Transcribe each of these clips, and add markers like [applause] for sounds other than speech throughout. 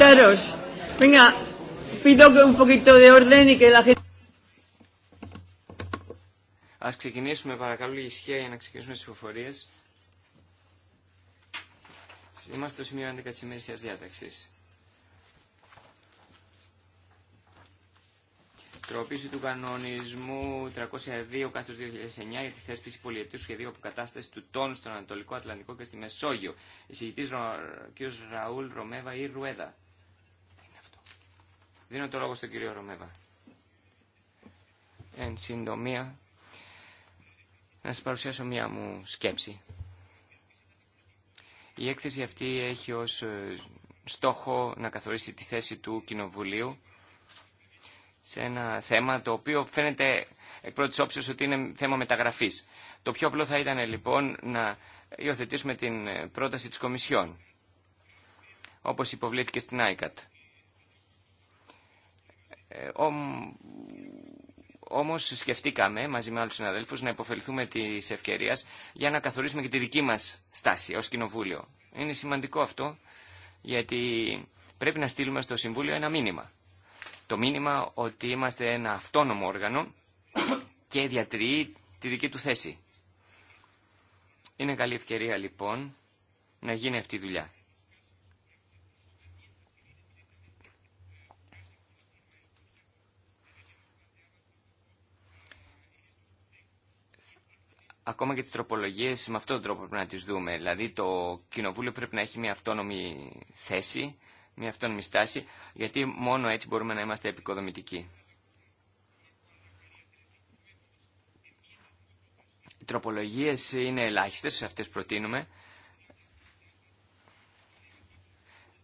invitaros. Venga, pido un poquito de orden y que la gente... Ας ξεκινήσουμε παρακαλώ η ισχύα για να ξεκινήσουμε τις ψηφοφορίες. Είμαστε στο σημείο 11 τη ημέρησιας διάταξης. Τροπήση του κανονισμού 302 2009 για τη θέσπιση πολιετού σχεδίου αποκατάσταση του τόνου στον Ανατολικό Ατλαντικό και στη Μεσόγειο. Εισηγητή κ. Ραούλ Ρωμέβα ή Ρουέδα. Δίνω το λόγο στον κύριο Ρωμέβα. Εν συντομία, να σας παρουσιάσω μία μου σκέψη. Η έκθεση αυτή έχει ως ε, στόχο να καθορίσει τη θέση του Κοινοβουλίου σε ένα θέμα το οποίο φαίνεται εκ πρώτης όψεως ότι είναι θέμα μεταγραφής. Το πιο απλό θα ήταν λοιπόν να υιοθετήσουμε την πρόταση της Κομισιόν, όπως υποβλήθηκε στην ICAT. Ε, όμως σκεφτήκαμε μαζί με άλλους συναδέλφους να υποφεληθούμε της ευκαιρίας για να καθορίσουμε και τη δική μας στάση ως κοινοβούλιο. Είναι σημαντικό αυτό γιατί πρέπει να στείλουμε στο Συμβούλιο ένα μήνυμα. Το μήνυμα ότι είμαστε ένα αυτόνομο όργανο και διατηρεί τη δική του θέση. Είναι καλή ευκαιρία λοιπόν να γίνει αυτή η δουλειά. ακόμα και τις τροπολογίες με αυτόν τον τρόπο πρέπει να τις δούμε. Δηλαδή το κοινοβούλιο πρέπει να έχει μια αυτόνομη θέση, μια αυτόνομη στάση, γιατί μόνο έτσι μπορούμε να είμαστε επικοδομητικοί. Οι τροπολογίες είναι ελάχιστες, αυτές προτείνουμε.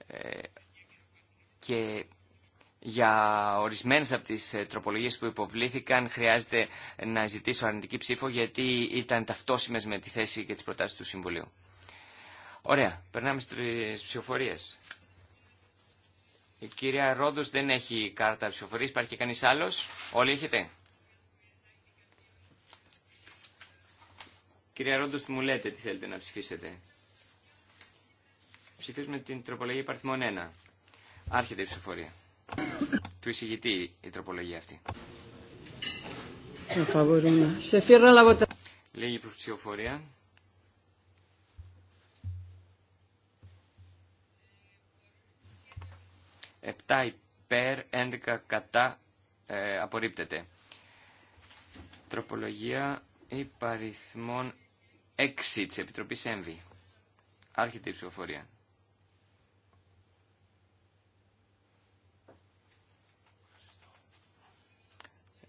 Ε, και για ορισμένες από τις ε, τροπολογίες που υποβλήθηκαν χρειάζεται να ζητήσω αρνητική ψήφο γιατί ήταν ταυτόσιμες με τη θέση και τις προτάσεις του Συμβουλίου. Ωραία, περνάμε στις ψηφοφορίες. Η κυρία Ρόντος δεν έχει κάρτα ψηφοφορίας, υπάρχει και κανείς άλλος. Όλοι έχετε. Κυρία Ρόντος, μου λέτε τι θέλετε να ψηφίσετε. Ψηφίζουμε την τροπολογία υπαριθμών 1. Άρχεται η ψηφοφορία. Του εισηγητή η τροπολογία αυτή. Λίγη ψηφοφορία. Επτά υπέρ, έντεκα κατά, ε, απορρίπτεται. Τροπολογία υπαριθμών έξι της Επιτροπής ΕΜΒΗ. Άρχεται η ψηφοφορία.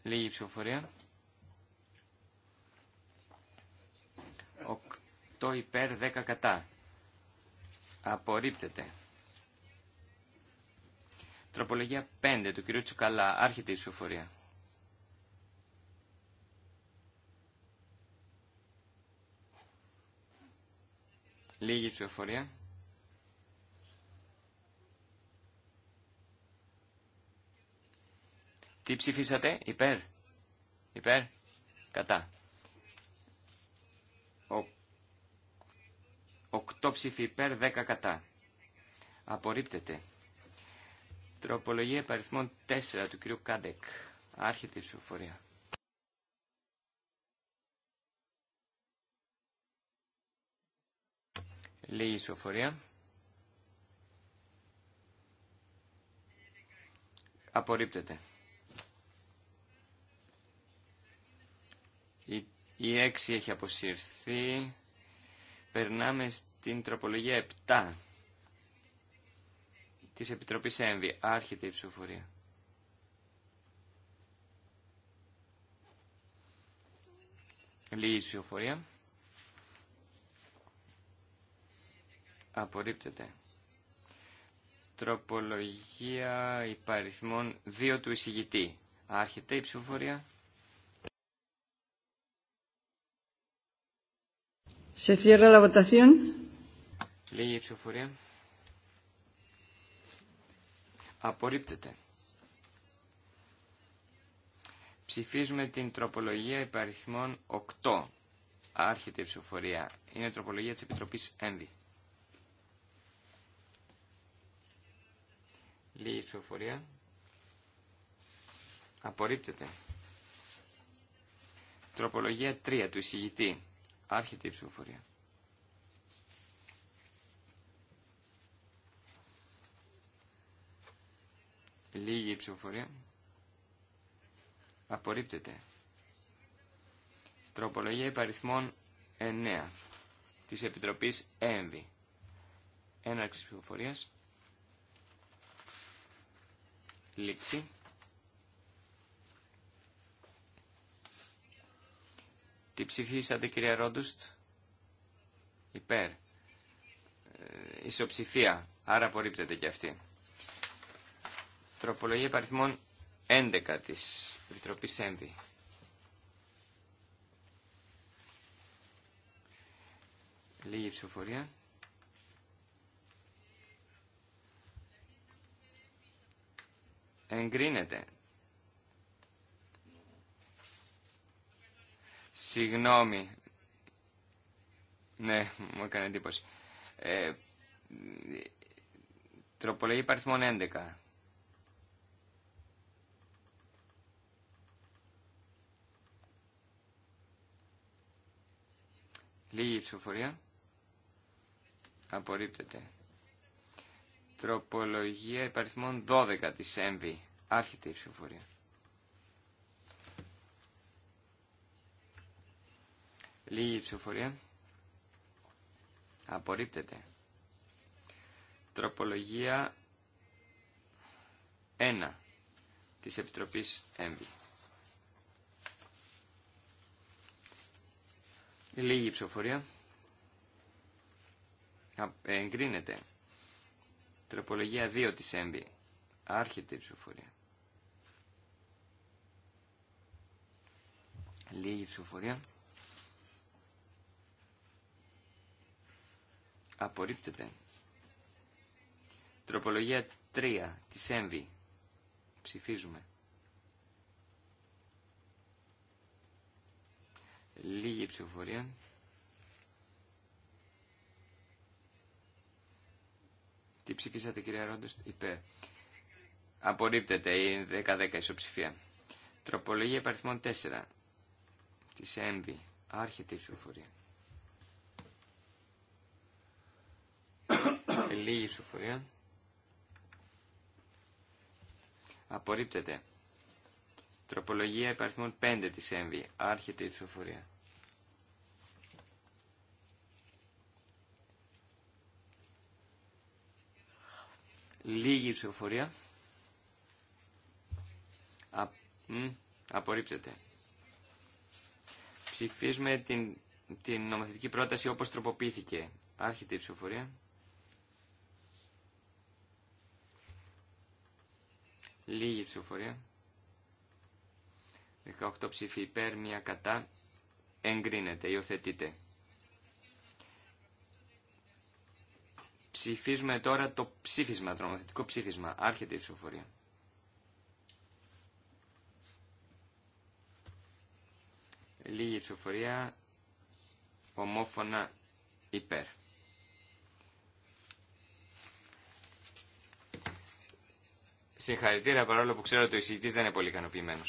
Λίγη ψηφοφορία. 8 υπέρ 10 κατά. Απορρίπτεται. Τροπολογία 5 του κυρίου Τσουκαλά. Άρχεται η ψηφοφορία. Λίγη ψηφοφορία. Τι ψηφίσατε, υπέρ, υπέρ, κατά. Ο, οκτώ ψηφί υπέρ, δέκα κατά. Απορρίπτεται. Τροπολογία υπαριθμών 4 του κ. Κάντεκ. Άρχεται η ψηφοφορία. Λίγη ψηφοφορία. Απορρίπτεται. Η 6 έχει αποσυρθεί. Περνάμε στην τροπολογία 7 της Επιτροπής ΕΜΒΗ. Άρχεται η ψηφοφορία. Λίγη ψηφοφορία. Απορρίπτεται. Τροπολογία υπαριθμών 2 του εισηγητή. Άρχεται η ψηφοφορία. Se cierra la votación. Λίγη Απορρίπτεται. Ψηφίζουμε την τροπολογία υπαριθμών 8. Άρχεται η ψηφοφορία. Είναι τροπολογία της Επιτροπής ΕΝΔΙ. Λίγη ψηφοφορία. Απορρίπτεται. Τροπολογία 3 του εισηγητή. Άρχεται η ψηφοφορία. Λίγη η ψηφοφορία. Απορρίπτεται. Τροπολογία υπαριθμών 9 της Επιτροπής ΕΜΒΗ. Έναρξη ψηφοφορίας. Λήξη. Τι ψηφίσατε κυρία Ρόντουστ. Υπέρ. Ε, ισοψηφία. Άρα απορρίπτεται και αυτή. Τροπολογία παριθμών 11 της Επιτροπής ΕΜΒΗ. Λίγη ψηφοφορία. Εγκρίνεται Συγγνώμη. Ναι, μου έκανε εντύπωση. Ε, τροπολογία υπαριθμών 11. Λίγη ψηφοφορία. Απορρίπτεται. Τροπολογία υπαριθμών 12 της ΕΜΒΗ. Άρχεται η ψηφοφορία. Λίγη ψηφοφορία. Απορρίπτεται. Τροπολογία 1 της Επιτροπής ΕΜΒΗ. Λίγη ψηφοφορία. Εγκρίνεται. Τροπολογία 2 της ΕΜΒΗ. Άρχεται η ψηφοφορία. Λίγη ψηφοφορία. Απορρίπτεται. Τροπολογία 3 της ΕΜΒΗ. Ψηφίζουμε. Λίγη ψηφοφορία. Τι ψηφίσατε κυρία Ρόντος, είπε. Απορρίπτεται η 10-10 ισοψηφία. Τροπολογία επαριθμών 4 της ΕΜΒΗ. Άρχεται η ψηφοφορία. Λίγη ψηφοφορία. Απορρίπτεται. Τροπολογία υπαριθμών 5 της ΕΜΒΗ. Άρχεται η ψηφοφορία. Λίγη ψηφοφορία. Α, απορρίπτεται. Ψηφίζουμε την, την νομοθετική πρόταση όπως τροποποιήθηκε. Άρχεται η ψηφοφορία. Λίγη ψηφοφορία. 18 ψήφοι υπέρ, μία κατά. Εγκρίνεται, υιοθετείται. Ψηφίζουμε τώρα το ψήφισμα, το νομοθετικό ψήφισμα. Άρχεται η ψηφοφορία. Λίγη ψηφοφορία, ομόφωνα υπέρ. Συγχαρητήρια παρόλο που ξέρω ότι ο εισηγητής δεν είναι πολύ ικανοποιημένο.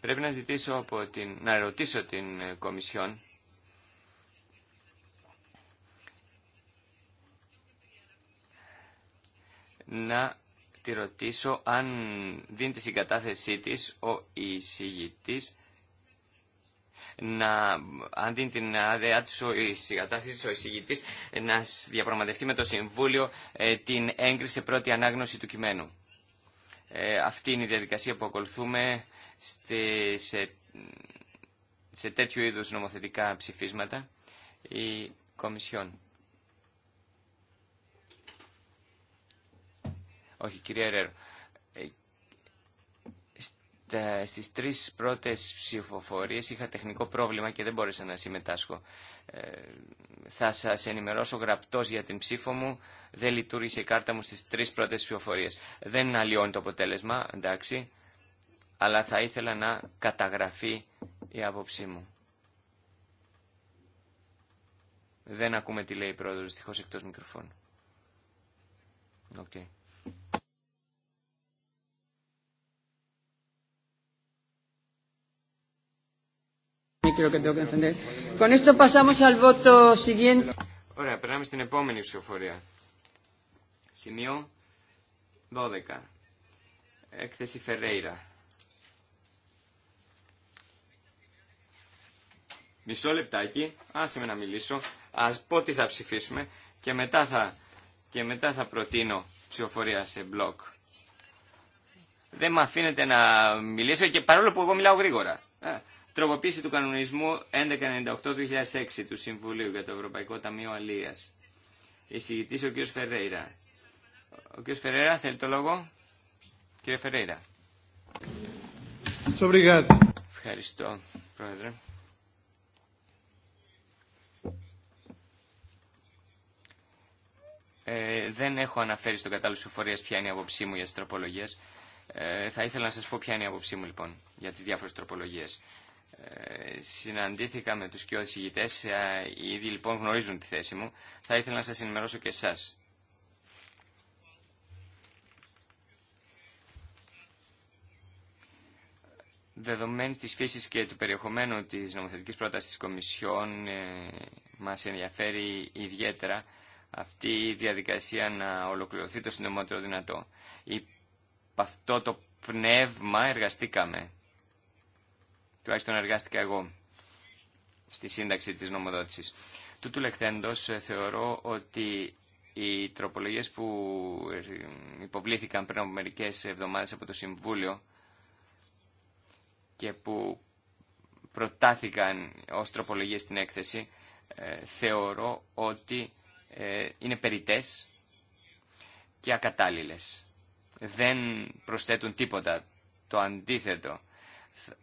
Πρέπει να ζητήσω από την, να ρωτήσω την ε, Κομισιόν να τη ρωτήσω αν δίνει τη συγκατάθεσή της ο εισηγητής να, αν δίνει την άδειά της ο, της ο εισηγητής να διαπραγματευτεί με το Συμβούλιο ε, την έγκριση πρώτη ανάγνωση του κειμένου. Ε, αυτή είναι η διαδικασία που ακολουθούμε στη, σε, σε τέτοιου είδους νομοθετικά ψηφίσματα. Η Κομισιόν. Όχι, κυρία Ρέρο. Ε, στις τρεις πρώτες ψηφοφορίε είχα τεχνικό πρόβλημα και δεν μπόρεσα να συμμετάσχω. Ε, θα σα ενημερώσω γραπτός για την ψήφο μου. Δεν λειτουργήσε η κάρτα μου στις τρεις πρώτες ψηφοφορίε. Δεν αλλοιώνει το αποτέλεσμα, εντάξει. Αλλά θα ήθελα να καταγραφεί η άποψή μου. Δεν ακούμε τι λέει η πρόεδρο, δυστυχώ εκτός μικροφώνου. creo que tengo que encender. Con esto pasamos al voto siguiente. Ωραία, περνάμε στην επόμενη ψηφοφορία. Σημείο 12. Έκθεση Φερέιρα. Μισό λεπτάκι, άσε με να μιλήσω, ας πω τι θα ψηφίσουμε και μετά θα, και μετά θα προτείνω ψηφοφορία σε μπλοκ. Δεν με αφήνετε να μιλήσω και παρόλο που εγώ μιλάω γρήγορα τροποποίηση του κανονισμού 1198-2006 του Συμβουλίου για το Ευρωπαϊκό Ταμείο Αλία. Εισηγητή ο κ. Φερέιρα. Ο κ. Φερέιρα θέλει το λόγο. Κύριε Φερέιρα. Ευχαριστώ, Πρόεδρε. Ε, δεν έχω αναφέρει στον κατάλληλο ψηφοφορία ποια είναι η άποψή μου για τι τροπολογίε. Ε, θα ήθελα να σα πω ποια είναι η άποψή μου λοιπόν για τι διάφορε τροπολογίε. Ε, συναντήθηκα με τους και ηγητές, ε, οι ίδιοι λοιπόν γνωρίζουν τη θέση μου. Θα ήθελα να σας ενημερώσω και εσάς. Δεδομένης της φύσης και του περιεχομένου της νομοθετικής πρότασης της Κομισιόν ε, μας ενδιαφέρει ιδιαίτερα αυτή η διαδικασία να ολοκληρωθεί το συντομότερο δυνατό. Υπ' αυτό το πνεύμα εργαστήκαμε Τουλάχιστον εργάστηκα εγώ στη σύνταξη της νομοδότησης. Τούτου λεχθέντος ε, θεωρώ ότι οι τροπολογίες που υποβλήθηκαν πριν από μερικές εβδομάδες από το Συμβούλιο και που προτάθηκαν ως τροπολογίες στην έκθεση ε, θεωρώ ότι ε, είναι περιτές και ακατάλληλες. Δεν προσθέτουν τίποτα. Το αντίθετο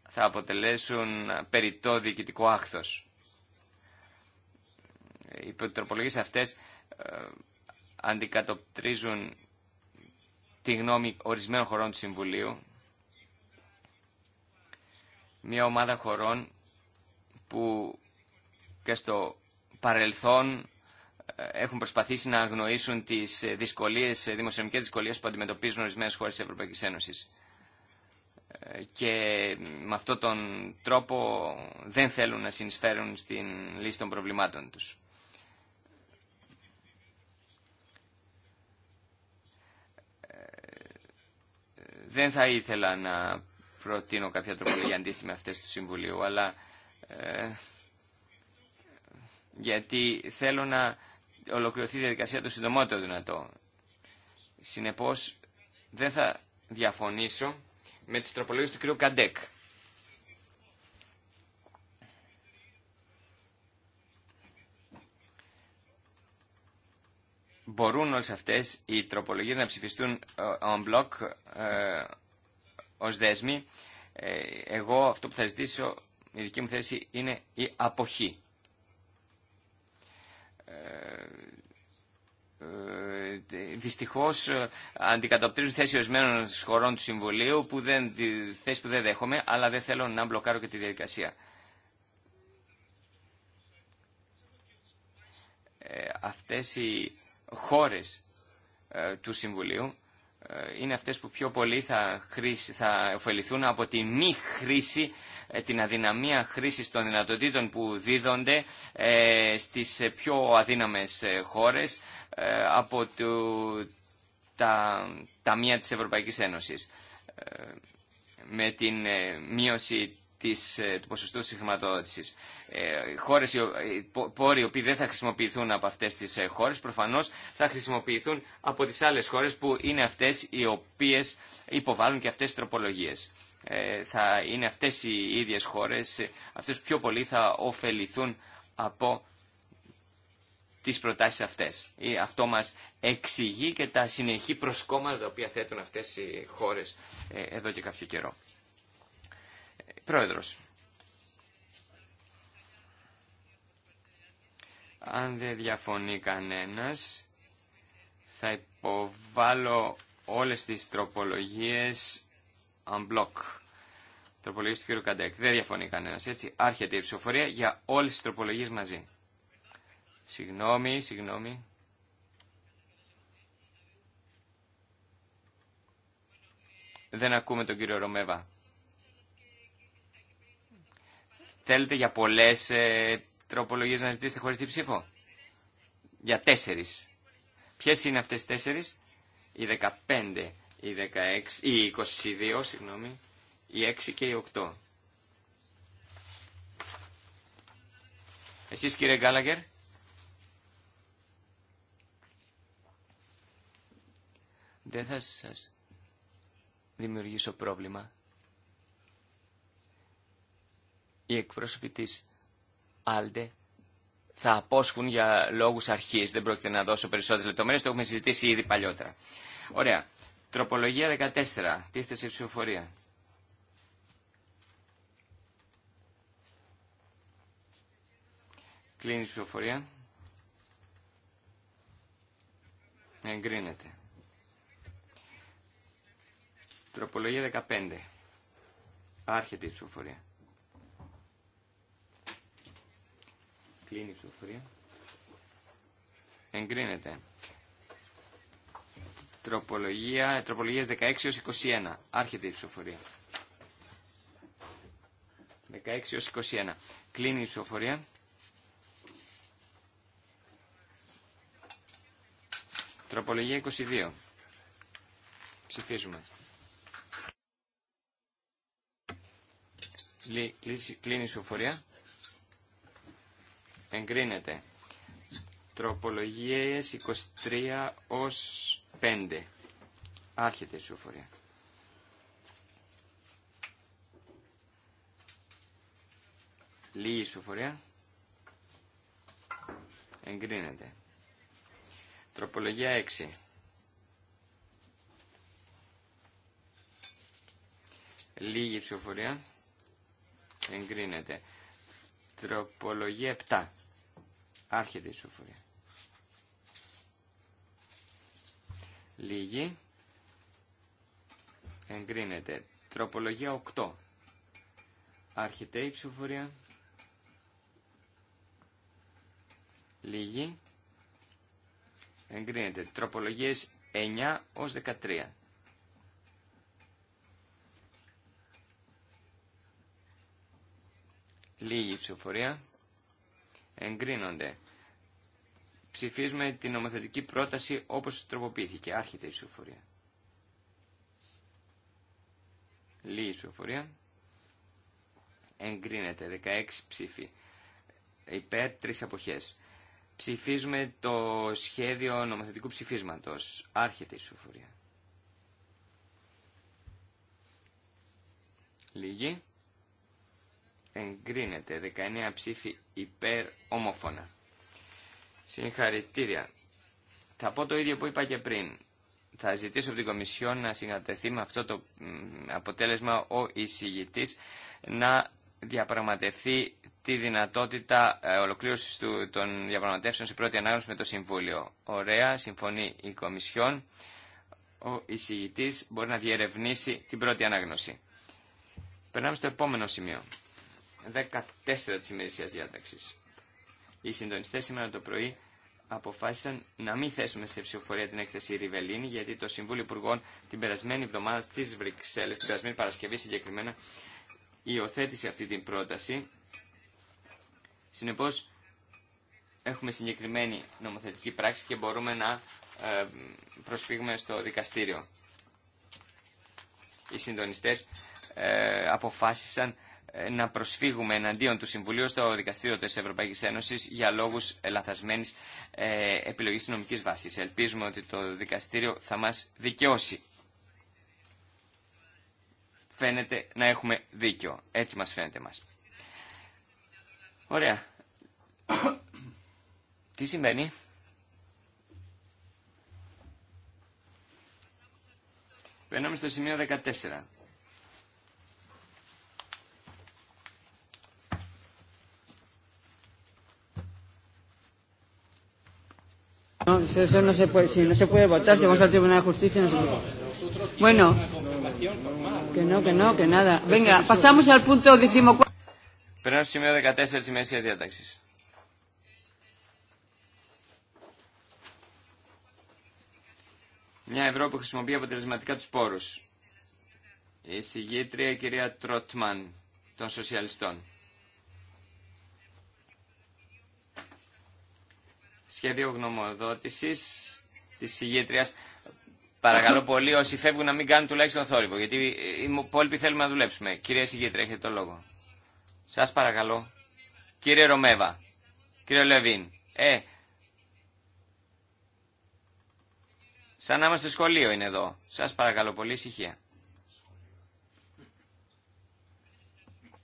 θα αποτελέσουν περιττό διοικητικό άχθος. Οι τροπολογίες αυτές ε, αντικατοπτρίζουν τη γνώμη ορισμένων χωρών του Συμβουλίου. Μια ομάδα χωρών που και στο παρελθόν ε, έχουν προσπαθήσει να αγνοήσουν τις δυσκολίες, δημοσιονομικές δυσκολίες που αντιμετωπίζουν ορισμένες χώρες της Ευρωπαϊκής Ένωσης και με αυτόν τον τρόπο δεν θέλουν να συνεισφέρουν στην λύση των προβλημάτων τους. Ε, δεν θα ήθελα να προτείνω κάποια για αντίθεση με αυτές του Συμβουλίου, αλλά ε, γιατί θέλω να ολοκληρωθεί η διαδικασία το συντομότερο δυνατό. Συνεπώς δεν θα διαφωνήσω με τις τροπολογίες του κ. Καντέκ. Μπορούν όλες αυτές οι τροπολογίες να ψηφιστούν ε, on block ε, ως δέσμοι. Ε, εγώ αυτό που θα ζητήσω, η δική μου θέση είναι η αποχή. Ε, ε, δυστυχώς ε, αντικατοπτρίζουν θέσεις ορισμένων χωρών του Συμβουλίου που δεν, θέσεις που δεν δέχομαι αλλά δεν θέλω να μπλοκάρω και τη διαδικασία. Ε, αυτές οι χώρες του Συμβουλίου ε, είναι αυτές που πιο πολύ θα, χρήσι, θα ωφεληθούν από τη μη χρήση, ε, την αδυναμία χρήσης των δυνατοτήτων που δίδονται ε, στις πιο αδύναμες χώρες από το, τα ταμεία της Ευρωπαϊκής Ένωσης. Με την μείωση της, ε, του ποσοστού συγχρηματοδότησης. Ε, χώρες, ε, πόροι οι οποίοι δεν θα χρησιμοποιηθούν από αυτές τις ε, χώρες προφανώς θα χρησιμοποιηθούν από τις άλλες χώρες που είναι αυτές οι οποίες υποβάλλουν και αυτές τις τροπολογίες. θα είναι αυτές οι ίδιες χώρες, αυτές πιο πολύ θα ωφεληθούν από τις προτάσεις αυτές. Αυτό μας εξηγεί και τα συνεχή προσκόμματα τα οποία θέτουν αυτές οι χώρες εδώ και κάποιο καιρό. Πρόεδρος. Αν δεν διαφωνεί κανένας, θα υποβάλω όλες τις τροπολογίες unblock. Τροπολογίες του κ. Καντέκ. Δεν διαφωνεί κανένας, έτσι. Άρχεται η ψηφοφορία για όλες τις τροπολογίες μαζί. Συγγνώμη, συγγνώμη. Δεν ακούμε τον κύριο Ρωμέβα. Θέλετε για πολλέ ε, τροπολογίε να ζητήσετε χωριστή ψήφο. Για τέσσερι. Ποιε είναι αυτέ οι τέσσερι, Οι 15, οι, 16, οι 22, συγγνώμη, οι 6 και οι 8. Εσεί κύριε Γκάλαγκερ. Δεν θα σας δημιουργήσω πρόβλημα οι εκπρόσωποι της Άλντε θα απόσχουν για λόγους αρχής. Δεν πρόκειται να δώσω περισσότερες λεπτομέρειες, το έχουμε συζητήσει ήδη παλιότερα. Ωραία. Τροπολογία 14. Τίθεται σε ψηφοφορία. Κλείνει η ψηφοφορία. Εγκρίνεται. Τροπολογία 15. Άρχεται η ψηφοφορία. Κλείνει η ψηφοφορία. Εγκρίνεται. Τροπολογία, τροπολογίες 16 21. Άρχεται η ψηφοφορία. 16 21. Κλείνει η ψηφοφορία. Τροπολογία 22. Ψηφίζουμε. Κλείνει η ψηφοφορία εγκρίνεται. Τροπολογίες 23 ως 5. Άρχεται η ψηφοφορία. Λίγη ψηφοφορία. Εγκρίνεται. Τροπολογία 6. Λίγη ψηφοφορία. Εγκρίνεται. Τροπολογία 7. Άρχεται η ψηφοφορία. Λίγη. Εγκρίνεται. Τροπολογία 8. Άρχεται η ψηφοφορία. Λίγη. Εγκρίνεται. Τροπολογίες 9 ως 13. Λίγη ψηφοφορία εγκρίνονται. Ψηφίζουμε την νομοθετική πρόταση όπως τροποποιήθηκε. Άρχεται η ψηφοφορία. Λίγη ψηφοφορία. Εγκρίνεται. 16 ψήφοι. Υπέρ τρεις αποχές. Ψηφίζουμε το σχέδιο νομοθετικού ψηφίσματος. Άρχεται η ψηφοφορία. Λίγη εγκρίνεται 19 ψήφοι υπέρ ομόφωνα. Συγχαρητήρια. Θα πω το ίδιο που είπα και πριν. Θα ζητήσω από την Κομισιόν να συγκατεθεί με αυτό το αποτέλεσμα ο εισηγητής να διαπραγματευτεί τη δυνατότητα ε, ολοκλήρωσης του, των διαπραγματεύσεων σε πρώτη ανάγνωση με το Συμβούλιο. Ωραία, συμφωνεί η Κομισιόν. Ο εισηγητής μπορεί να διερευνήσει την πρώτη ανάγνωση. Περνάμε στο επόμενο σημείο. 14 της ημερησίας διάταξης. Οι συντονιστέ σήμερα το πρωί αποφάσισαν να μην θέσουμε σε ψηφοφορία την έκθεση Ριβελίνη, γιατί το Συμβούλιο Υπουργών την περασμένη εβδομάδα στι Βρυξέλλε, την περασμένη Παρασκευή συγκεκριμένα, υιοθέτησε αυτή την πρόταση. Συνεπώς, έχουμε συγκεκριμένη νομοθετική πράξη και μπορούμε να ε, προσφύγουμε στο δικαστήριο. Οι συντονιστές ε, αποφάσισαν να προσφύγουμε εναντίον του Συμβουλίου στο Δικαστήριο της Ευρωπαϊκής Ένωσης για λόγους λαθασμένης ε, επιλογής νομικής βάσης. Ελπίζουμε ότι το Δικαστήριο θα μας δικαιώσει. Φαίνεται να έχουμε δίκιο. Έτσι μας φαίνεται μας. Ωραία. [coughs] Τι συμβαίνει. Περνάμε στο σημείο 14. No, eso eso no se puede, si no se puede votar, si vamos al Tribunal de Justicia no se puede. Bueno, que no, que no, que nada. Venga, pasamos al punto Pero no 14. Περνάμε στο σημείο 14 de ataxis. Μια Ευρώπη χρησιμοποιεί αποτελεσματικά τους πόρους. Η συγγήτρια κυρία Τρότμαν των Σοσιαλιστών. σχέδιο γνωμοδότησης της ηγέτριας. Παρακαλώ πολύ όσοι φεύγουν να μην κάνουν τουλάχιστον θόρυβο, γιατί οι υπόλοιποι θέλουμε να δουλέψουμε. Κυρία Συγγήτρια, έχετε το λόγο. Σας παρακαλώ. Κύριε Ρωμέβα. Κύριε Λεβίν. Ε, σαν να είμαστε σχολείο είναι εδώ. Σας παρακαλώ πολύ, ησυχία.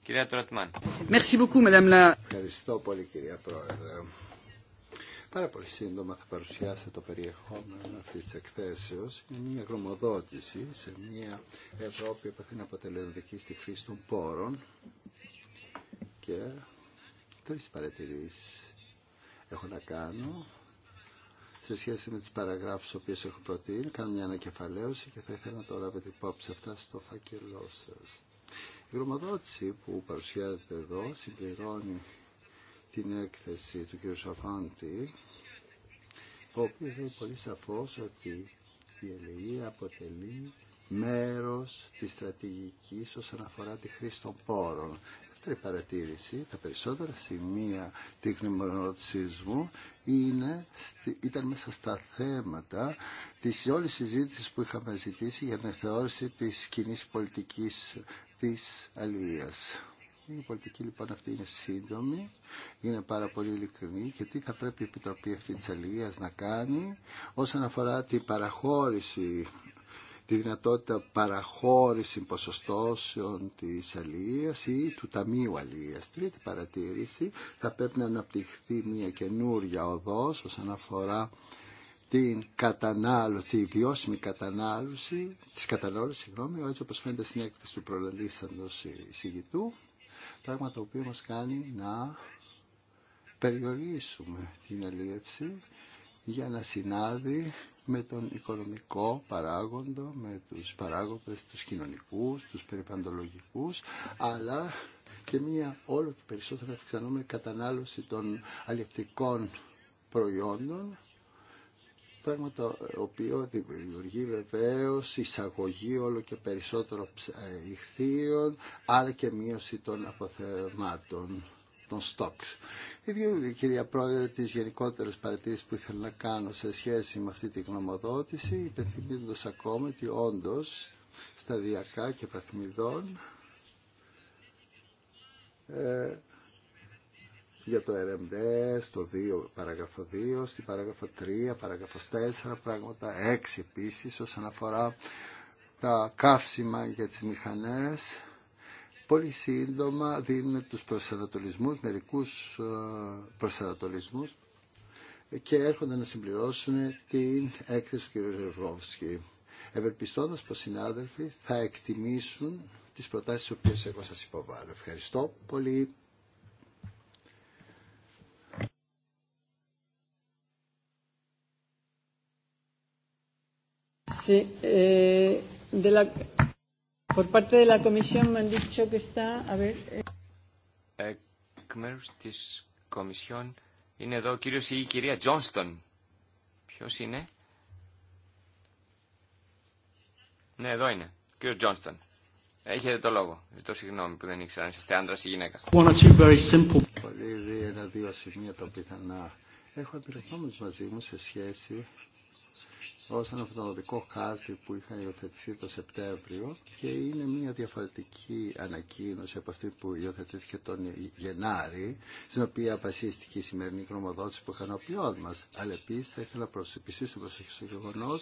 Κυρία Τροτμάν. Ευχαριστώ πολύ κυρία Πρόεδρε. Πάρα πολύ σύντομα θα παρουσιάσω το περιεχόμενο αυτής της εκθέσεως. Είναι μια γνωμοδότηση σε μια Ευρώπη που θα είναι αποτελεσματική στη χρήση των πόρων και τρεις παρατηρήσεις έχω να κάνω σε σχέση με τις παραγράφους οποίες έχω προτείνει. Κάνω μια ανακεφαλαίωση και θα ήθελα να το λάβετε υπόψη αυτά στο φάκελό σας. Η γνωμοδότηση που παρουσιάζεται εδώ συμπληρώνει την έκθεση του κ. Σαφάντη, ο οποίος λέει πολύ σαφώς ότι η ελεγγύη αποτελεί μέρος της στρατηγικής όσον αφορά τη χρήση των πόρων. Δεύτερη παρατήρηση, τα περισσότερα σημεία της γνωμοδότησής είναι, ήταν μέσα στα θέματα της όλης συζήτηση που είχαμε ζητήσει για την θεώρηση της κοινή πολιτικής της αλληλείας. Η πολιτική λοιπόν αυτή είναι σύντομη, είναι πάρα πολύ ειλικρινή και τι θα πρέπει η Επιτροπή αυτή της Αλληλείας να κάνει όσον αφορά την παραχώρηση, τη δυνατότητα παραχώρηση ποσοστώσεων της Αλληλείας ή του Ταμείου Αλληλείας. Τρίτη παρατήρηση, θα πρέπει να αναπτυχθεί μια καινούρια οδός όσον αφορά την κατανάλωση, τη βιώσιμη κατανάλωση, της κατανάλωσης, συγγνώμη, έτσι όπως φαίνεται στην έκθεση του προλαλήσαντος εισηγητού πράγμα το οποίο μας κάνει να περιορίσουμε την αλίευση για να συνάδει με τον οικονομικό παράγοντο, με τους παράγοντες, τους κοινωνικούς, τους περιπαντολογικούς, αλλά και μια όλο και περισσότερο αυξανόμενη κατανάλωση των αλλιευτικών προϊόντων πράγμα το οποίο δημιουργεί βεβαίω εισαγωγή όλο και περισσότερο ε, ηχθείων, αλλά και μείωση των αποθεμάτων των στόξ. Η δύο κυρία Πρόεδρε τι γενικότερε παρατηρήσει που ήθελα να κάνω σε σχέση με αυτή τη γνωμοδότηση, υπενθυμίζοντα ακόμα ότι όντω σταδιακά και βαθμιδών ε, για το RMD, στο 2, παράγραφο 2, στην παράγραφο 3, παράγραφο 4, πράγματα 6 επίσης όσον αφορά τα καύσιμα για τις μηχανές. Πολύ σύντομα δίνουν τους προσανατολισμούς, μερικούς ε, προσανατολισμούς και έρχονται να συμπληρώσουν την έκθεση του κ. Ζευκόφσκη. Ευελπιστώντας πως συνάδελφοι θα εκτιμήσουν τις προτάσεις που οποίες εγώ σας υποβάλλω. Ευχαριστώ πολύ. Sí, eh, de la, por parte de la comisión me han dicho que está, a ver... Eh. Εκ eh, Comisión της Κομισιόν είναι εδώ ο κύριος ή η κυρία Τζόνστον. Ποιος είναι? Ναι, εδώ είναι. Ο Τζόνστον. Έχετε το λόγο. Ζητώ συγγνώμη που δεν ήξερα αν ειστε αντρα άντρα ή Πολύ ένα-δύο σημεία τα πιθανά. Έχω εμπειρογνώμενε μαζί μου σε σχέση δώσαν αυτό το οδικό χάρτη που είχαν υιοθετηθεί το Σεπτέμβριο και είναι μια διαφορετική ανακοίνωση από αυτή που υιοθετήθηκε τον Γενάρη, στην οποία βασίστηκε η σημερινή γνωμοδότηση που είχαν ο μα. Αλλά επίση θα ήθελα να προσεπιστεί στο προσοχή στο γεγονό.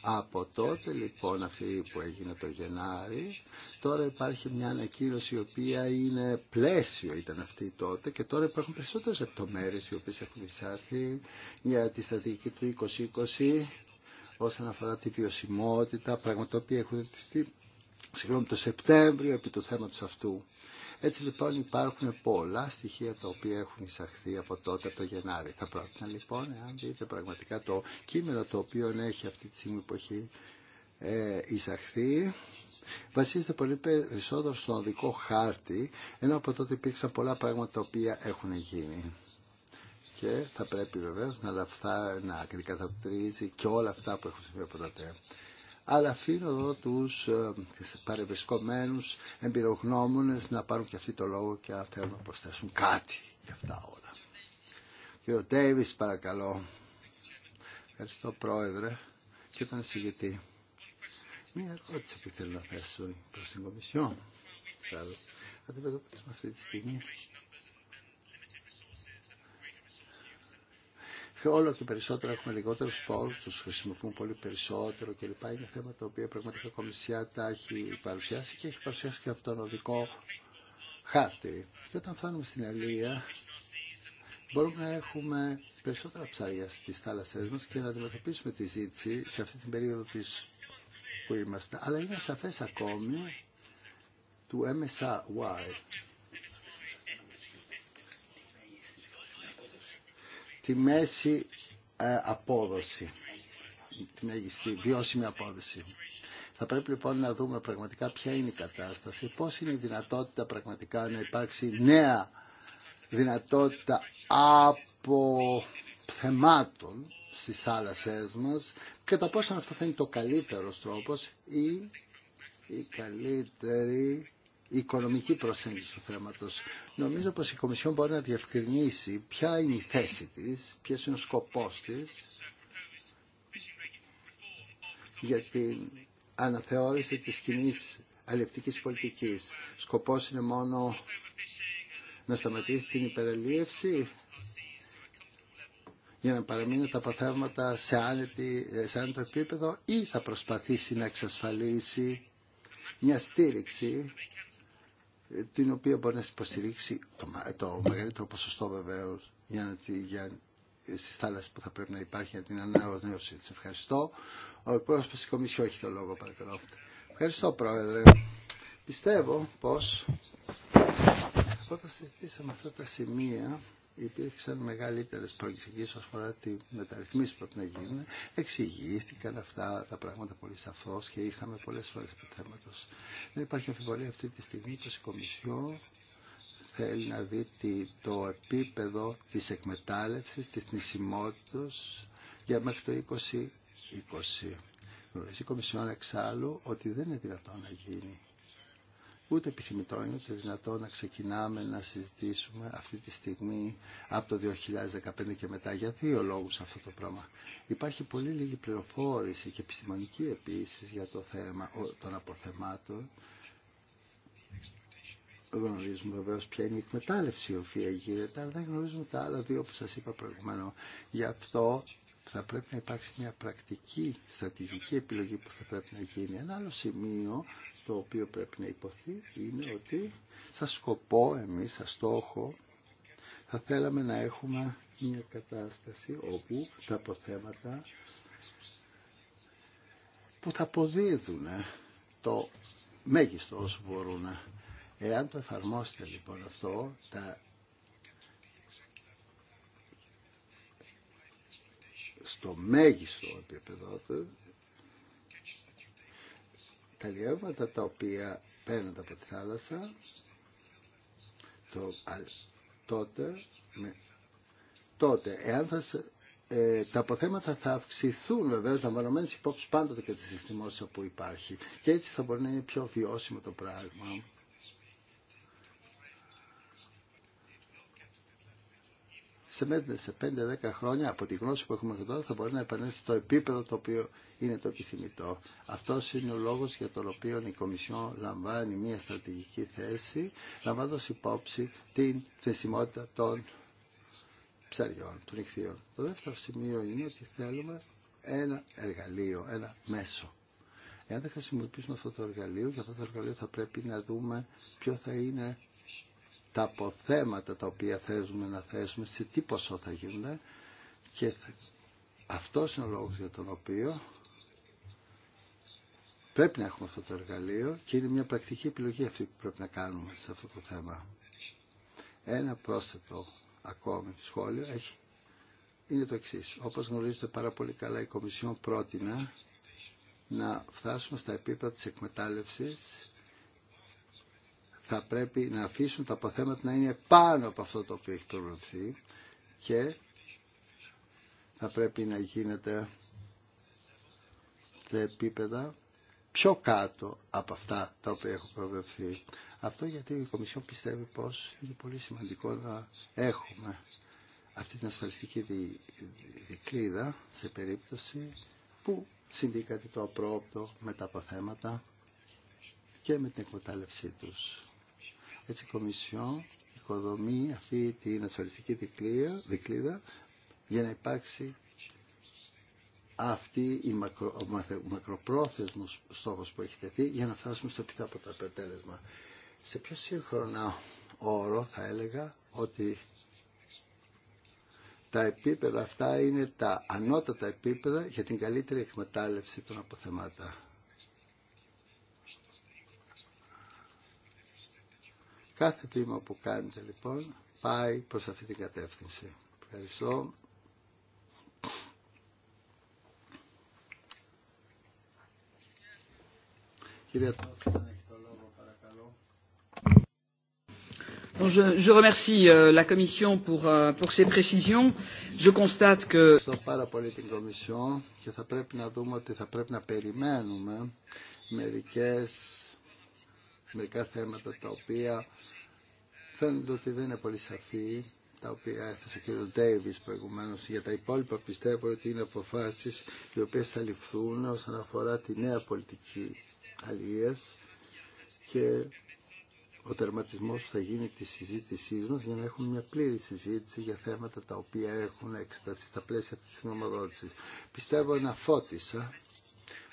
Από τότε λοιπόν αυτή που έγινε το Γενάρη, τώρα υπάρχει μια ανακοίνωση η οποία είναι πλαίσιο ήταν αυτή τότε και τώρα υπάρχουν περισσότερε λεπτομέρειε οι οποίε έχουν εισάρθει για τη στρατηγική του 2020 όσον αφορά τη βιωσιμότητα, πράγματα που έχουν δημιουργηθεί συγγνώμη, το Σεπτέμβριο επί του θέματος αυτού. Έτσι λοιπόν υπάρχουν πολλά στοιχεία τα οποία έχουν εισαχθεί από τότε από το Γενάρη. Θα πρότεινα λοιπόν, εάν δείτε πραγματικά το κείμενο το οποίο έχει αυτή τη στιγμή που έχει ε, εισαχθεί, βασίζεται πολύ περισσότερο στον οδικό χάρτη, ενώ από τότε υπήρξαν πολλά πράγματα τα οποία έχουν γίνει και θα πρέπει βεβαίως να λαφθά, να αντικατοπτρίζει και όλα αυτά που έχουν συμβεί από τότε. Αλλά αφήνω εδώ τους ε, παρευρισκόμενους εμπειρογνώμονες να πάρουν και αυτοί το λόγο και αν θέλουν να προσθέσουν κάτι για αυτά όλα. Κύριο Ντέιβις παρακαλώ. Ευχαριστώ πρόεδρε και τον εισηγητή. Μία ερώτηση που θέλω να θέσω προς την Κομισιόν. Αντιμετωπίζουμε αυτή τη στιγμή όλο και περισσότερο έχουμε λιγότερου πόρου, του χρησιμοποιούμε πολύ περισσότερο κλπ. Είναι θέμα το οποίο πραγματικά η Κομισιά τα έχει παρουσιάσει και έχει παρουσιάσει και αυτόν οδικό χάρτη. Και όταν φτάνουμε στην Αλία, μπορούμε να έχουμε περισσότερα ψάρια στι θάλασσέ μα και να αντιμετωπίσουμε τη ζήτηση σε αυτή την περίοδο της που είμαστε. Αλλά είναι σαφέ ακόμη του MSRY τη μέση ε, απόδοση, τη μέγιστη βιώσιμη απόδοση. Θα πρέπει λοιπόν να δούμε πραγματικά ποια είναι η κατάσταση, πώς είναι η δυνατότητα πραγματικά να υπάρξει νέα δυνατότητα από θεμάτων στις θάλασσές μας και τα πόσο αυτό θα είναι το καλύτερο τρόπος ή η καλύτερη οικονομική προσέγγιση του θέματος. Νομίζω πως η Κομισιόν μπορεί να διευκρινίσει ποια είναι η θέση της, ποιος είναι ο σκοπός της για την αναθεώρηση της κοινή αλληλευτικής πολιτικής. Σκοπός είναι μόνο να σταματήσει την υπεραλίευση για να παραμείνουν τα αποθέματα σε, σε άνετο επίπεδο ή θα προσπαθήσει να εξασφαλίσει μια στήριξη την οποία μπορεί να υποστηρίξει το, το μεγαλύτερο ποσοστό βεβαίω για να τη, για, στη που θα πρέπει να υπάρχει για την ανανεώση. Σε ευχαριστώ. Ο εκπρόσωπο της Κομισιόν έχει το λόγο παρακαλώ. Ευχαριστώ Πρόεδρε. Πιστεύω πως όταν συζητήσαμε αυτά τα σημεία υπήρξαν μεγαλύτερες προηγηθικές όσον αφορά τη μεταρρυθμίση που πρέπει να γίνουν. Εξηγήθηκαν αυτά τα πράγματα πολύ σαφώς και είχαμε πολλές ώρες του Δεν υπάρχει αμφιβολία αυτή τη στιγμή πως η Κομισιό θέλει να δει το επίπεδο της εκμετάλλευσης, της θνησιμότητας για μέχρι το 2020. Η Κομισιόν εξάλλου ότι δεν είναι δυνατόν να γίνει ούτε επιθυμητό είναι και δυνατό να ξεκινάμε να συζητήσουμε αυτή τη στιγμή από το 2015 και μετά για δύο λόγους αυτό το πράγμα. Υπάρχει πολύ λίγη πληροφόρηση και επιστημονική επίσης για το θέμα των αποθεμάτων. Γνωρίζουμε βεβαίω ποια είναι η εκμετάλλευση η οποία γίνεται, αλλά δεν γνωρίζουμε τα άλλα δύο που σα είπα προηγουμένω. Γι' αυτό θα πρέπει να υπάρξει μια πρακτική στρατηγική επιλογή που θα πρέπει να γίνει. Ένα άλλο σημείο το οποίο πρέπει να υποθεί είναι ότι θα σκοπό εμείς, σαν στόχο, θα θέλαμε να έχουμε μια κατάσταση όπου τα αποθέματα που θα αποδίδουν ε, το μέγιστο όσο μπορούν. Εάν το εφαρμόσετε λοιπόν αυτό, τα στο μέγιστο επίπεδο του τα λιεύματα τα οποία παίρνονται από τη θάλασσα το, τότε, τότε εάν ε, τα αποθέματα θα αυξηθούν βεβαίω λαμβανομένες υπόψη πάντοτε και τη θυμόσια που υπάρχει και έτσι θα μπορεί να είναι πιο βιώσιμο το πράγμα σε σε 5-10 χρόνια από τη γνώση που έχουμε και τώρα θα μπορεί να επανέλθει στο επίπεδο το οποίο είναι το επιθυμητό. Αυτό είναι ο λόγο για τον οποίο η Κομισιόν λαμβάνει μια στρατηγική θέση, λαμβάνοντα υπόψη την θεσιμότητα των ψαριών, των νυχθείων. Το δεύτερο σημείο είναι ότι θέλουμε ένα εργαλείο, ένα μέσο. Εάν δεν χρησιμοποιήσουμε αυτό το εργαλείο, για αυτό το εργαλείο θα πρέπει να δούμε ποιο θα είναι τα αποθέματα τα οποία θέλουμε να θέσουμε, σε τι ποσό θα γίνονται και αυτός είναι ο λόγος για τον οποίο πρέπει να έχουμε αυτό το εργαλείο και είναι μια πρακτική επιλογή αυτή που πρέπει να κάνουμε σε αυτό το θέμα. Ένα πρόσθετο ακόμη σχόλιο έχει, είναι το εξή. Όπως γνωρίζετε πάρα πολύ καλά η Κομισιόν πρότεινα να φτάσουμε στα επίπεδα της εκμετάλλευσης θα πρέπει να αφήσουν τα αποθέματα να είναι πάνω από αυτό το οποίο έχει προβληθεί και θα πρέπει να γίνεται σε επίπεδα πιο κάτω από αυτά τα οποία έχουν προβληθεί. Αυτό γιατί η Κομισιόν πιστεύει πως είναι πολύ σημαντικό να έχουμε αυτή την ασφαλιστική δικλίδα σε περίπτωση που συμβεί το απρόοπτο με τα αποθέματα και με την εκμετάλλευσή τους. Έτσι η Κομισιόν οικοδομεί αυτή την ασφαλιστική δικλίδα, για να υπάρξει αυτή η μακρο, ο μακροπρόθεσμος στόχος που έχει τεθεί για να φτάσουμε στο το αποτέλεσμα. Σε πιο σύγχρονα όρο θα έλεγα ότι τα επίπεδα αυτά είναι τα ανώτατα επίπεδα για την καλύτερη εκμετάλλευση των αποθεμάτων. Κάθε βήμα που κάνετε λοιπόν πάει προς αυτή την κατεύθυνση. Ευχαριστώ. Κυρία Τόφη, έχει το λόγο παρακαλώ. Je remercie euh, la Commission pour, euh, pour ces précisions. Je constate que... Ευχαριστώ πάρα πολύ την Κομισιόν και θα πρέπει να δούμε ότι θα πρέπει να περιμένουμε μερικές μερικά θέματα τα οποία φαίνονται ότι δεν είναι πολύ σαφή, τα οποία έθεσε ο κ. Ντέιβις προηγουμένως. Για τα υπόλοιπα πιστεύω ότι είναι αποφάσεις οι οποίες θα ληφθούν όσον αφορά τη νέα πολιτική αλλίας και ο τερματισμός που θα γίνει τη συζήτησή μα για να έχουμε μια πλήρη συζήτηση για θέματα τα οποία έχουν εξεταστεί στα πλαίσια τη νομοδότηση. Πιστεύω να φώτισα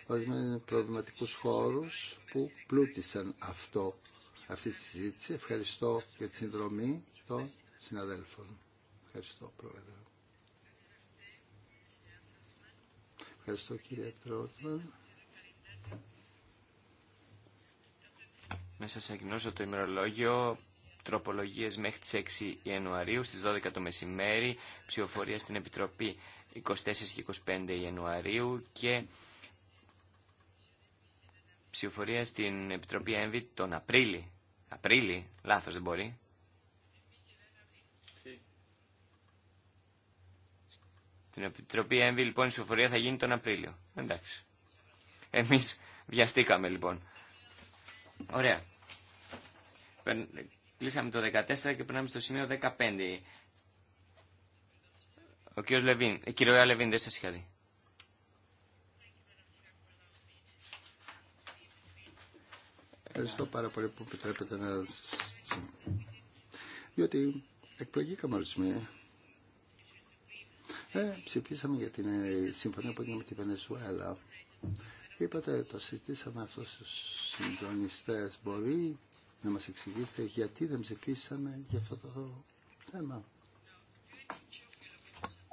ορισμένους προβληματικούς χώρους που πλούτησαν αυτό, αυτή τη συζήτηση. Ευχαριστώ για τη συνδρομή των συναδέλφων. Ευχαριστώ, Πρόεδρε. Ευχαριστώ, κύριε Τρότμαν. Να σας ανακοινώσω το ημερολόγιο τροπολογίες μέχρι τις 6 Ιανουαρίου στις 12 το μεσημέρι, ψηφοφορία στην Επιτροπή 24 και 25 Ιανουαρίου και ψηφοφορία στην Επιτροπή ΕΜΒΗ τον Απρίλη. Απρίλη, λάθος δεν μπορεί. Στην Επιτροπή ΕΜΒΗ λοιπόν η ψηφοφορία θα γίνει τον Απρίλιο. Εντάξει. Εμείς βιαστήκαμε λοιπόν. Ωραία. Κλείσαμε το 14 και περνάμε στο σημείο 15. Ο κύριος Λεβίν, ε, κύριο Λεβίν δεν σας είχα δει. Ευχαριστώ πάρα πολύ που επιτρέπετε να... Διότι εκπλογήκαμε με, Ε, ψηφίσαμε για την ε, συμφωνία που έγινε με τη Βενεζουέλα. Είπατε, το συζητήσαμε αυτό στους συντονιστές. Μπορεί να μας εξηγήσετε γιατί δεν ψηφίσαμε για αυτό το θέμα.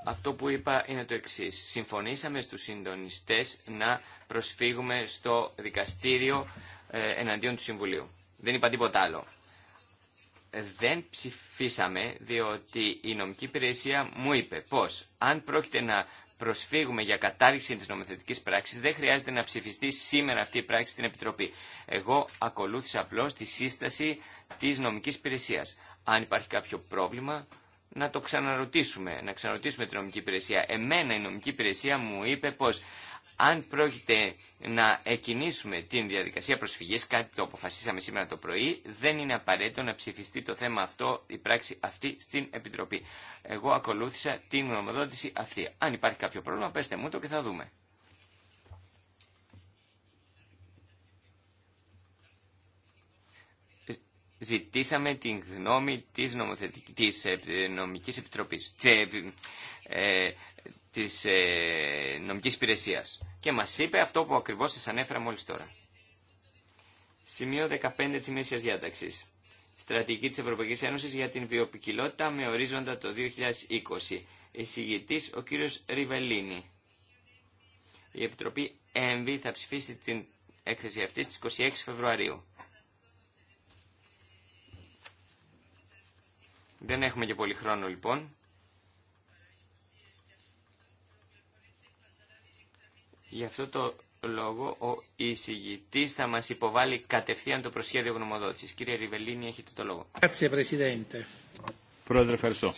Αυτό που είπα είναι το εξή. Συμφωνήσαμε στους συντονιστές να προσφύγουμε στο δικαστήριο ε, εναντίον του Συμβουλίου. Δεν είπα τίποτα άλλο. Δεν ψηφίσαμε διότι η νομική υπηρεσία μου είπε πως αν πρόκειται να προσφύγουμε για κατάρριξη της νομοθετικής πράξης δεν χρειάζεται να ψηφιστεί σήμερα αυτή η πράξη στην Επιτροπή. Εγώ ακολούθησα απλώς τη σύσταση της νομικής υπηρεσίας. Αν υπάρχει κάποιο πρόβλημα να το ξαναρωτήσουμε, να ξαναρωτήσουμε την νομική υπηρεσία. Εμένα η νομική υπηρεσία μου είπε πως αν πρόκειται να εκκινήσουμε την διαδικασία προσφυγής, κάτι το αποφασίσαμε σήμερα το πρωί, δεν είναι απαραίτητο να ψηφιστεί το θέμα αυτό, η πράξη αυτή στην Επιτροπή. Εγώ ακολούθησα την γνωμοδότηση αυτή. Αν υπάρχει κάποιο πρόβλημα, πέστε μου το και θα δούμε. Ζητήσαμε την γνώμη της, νομοθετικής, της ε, νομικής επιτροπής, ε, ε, της ε, νομική υπηρεσία. Και μας είπε αυτό που ακριβώς σα ανέφερα μόλι τώρα. Σημείο 15 τη διάταξη. Στρατηγική τη Ευρωπαϊκής Ένωση για την βιοπικιλότητα με ορίζοντα το 2020. Εισηγητής ο κύριος Ριβελίνη. Η Επιτροπή ΕΜΒΗ θα ψηφίσει την έκθεση αυτή στις 26 Φεβρουαρίου. Δεν έχουμε και πολύ χρόνο λοιπόν. Γι' αυτό το λόγο ο εισηγητής θα μας υποβάλει κατευθείαν το προσχέδιο γνωμοδότησης. Κύριε Ριβελίνη, έχετε το λόγο. Πρόεδρε, ευχαριστώ.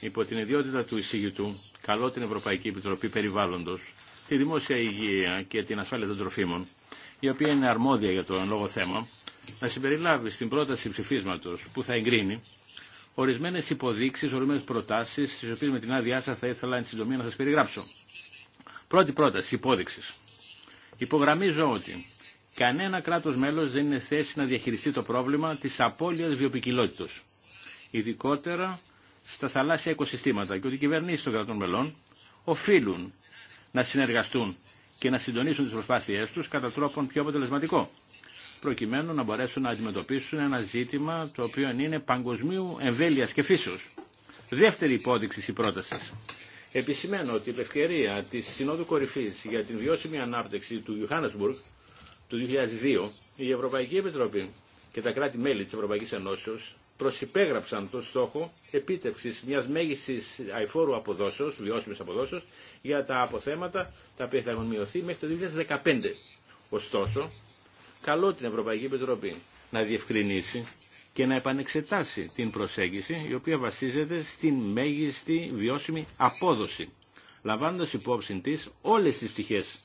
Υπό την ιδιότητα του εισηγητού, καλώ την Ευρωπαϊκή Επιτροπή Περιβάλλοντος, τη Δημόσια Υγεία και την Ασφάλεια των Τροφίμων, η οποία είναι αρμόδια για το λόγο θέμα, να συμπεριλάβει στην πρόταση ψηφίσματος που θα εγκρίνει ορισμένες υποδείξεις, ορισμένες προτάσεις, τις οποίες με την άδειά σας θα ήθελα εν συντομία να σας περιγράψω. Πρώτη πρόταση υπόδειξη. Υπογραμμίζω ότι κανένα κράτο μέλο δεν είναι θέση να διαχειριστεί το πρόβλημα τη απώλεια βιοπικιλότητος. Ειδικότερα στα θαλάσσια οικοσυστήματα και ότι οι κυβερνήσει των κρατών μελών οφείλουν να συνεργαστούν και να συντονίσουν τι προσπάθειε του κατά τρόπον πιο αποτελεσματικό προκειμένου να μπορέσουν να αντιμετωπίσουν ένα ζήτημα το οποίο είναι παγκοσμίου εμβέλεια και φύσεω. Δεύτερη υπόδειξη η πρόταση. Επισημαίνω ότι η ευκαιρία της Συνόδου Κορυφής για την βιώσιμη ανάπτυξη του Ιωάννησμπουργκ του 2002, η Ευρωπαϊκή Επιτροπή και τα κράτη-μέλη της Ευρωπαϊκής Ενώσεω προσυπέγραψαν τον στόχο επίτευξη μιας μέγιστη αηφόρου αποδόσεως, βιώσιμης αποδόσεως, για τα αποθέματα τα οποία θα έχουν μειωθεί μέχρι το 2015. Ωστόσο, καλώ την Ευρωπαϊκή Επιτροπή να διευκρινίσει και να επανεξετάσει την προσέγγιση η οποία βασίζεται στην μέγιστη βιώσιμη απόδοση, λαμβάνοντας υπόψη της όλες τις πτυχές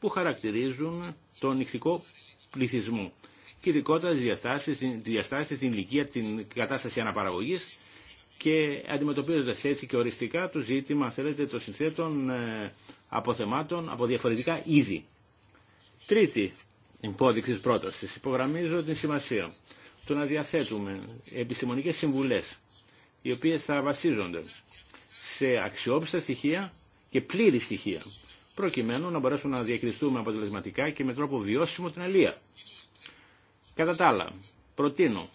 που χαρακτηρίζουν τον νυχτικό πληθυσμό και ειδικότερα τις διαστάσεις, τη διαστάση, την ηλικία, την κατάσταση αναπαραγωγής και αντιμετωπίζοντας έτσι και οριστικά το ζήτημα, θέλετε, των συνθέτων ε, αποθεμάτων από διαφορετικά είδη. Τρίτη υπόδειξη πρόταση. Υπογραμμίζω την σημασία το να διαθέτουμε επιστημονικές συμβουλές οι οποίες θα βασίζονται σε αξιόπιστα στοιχεία και πλήρη στοιχεία προκειμένου να μπορέσουμε να διακριθούμε αποτελεσματικά και με τρόπο βιώσιμο την αλεία. Κατά τα άλλα, προτείνω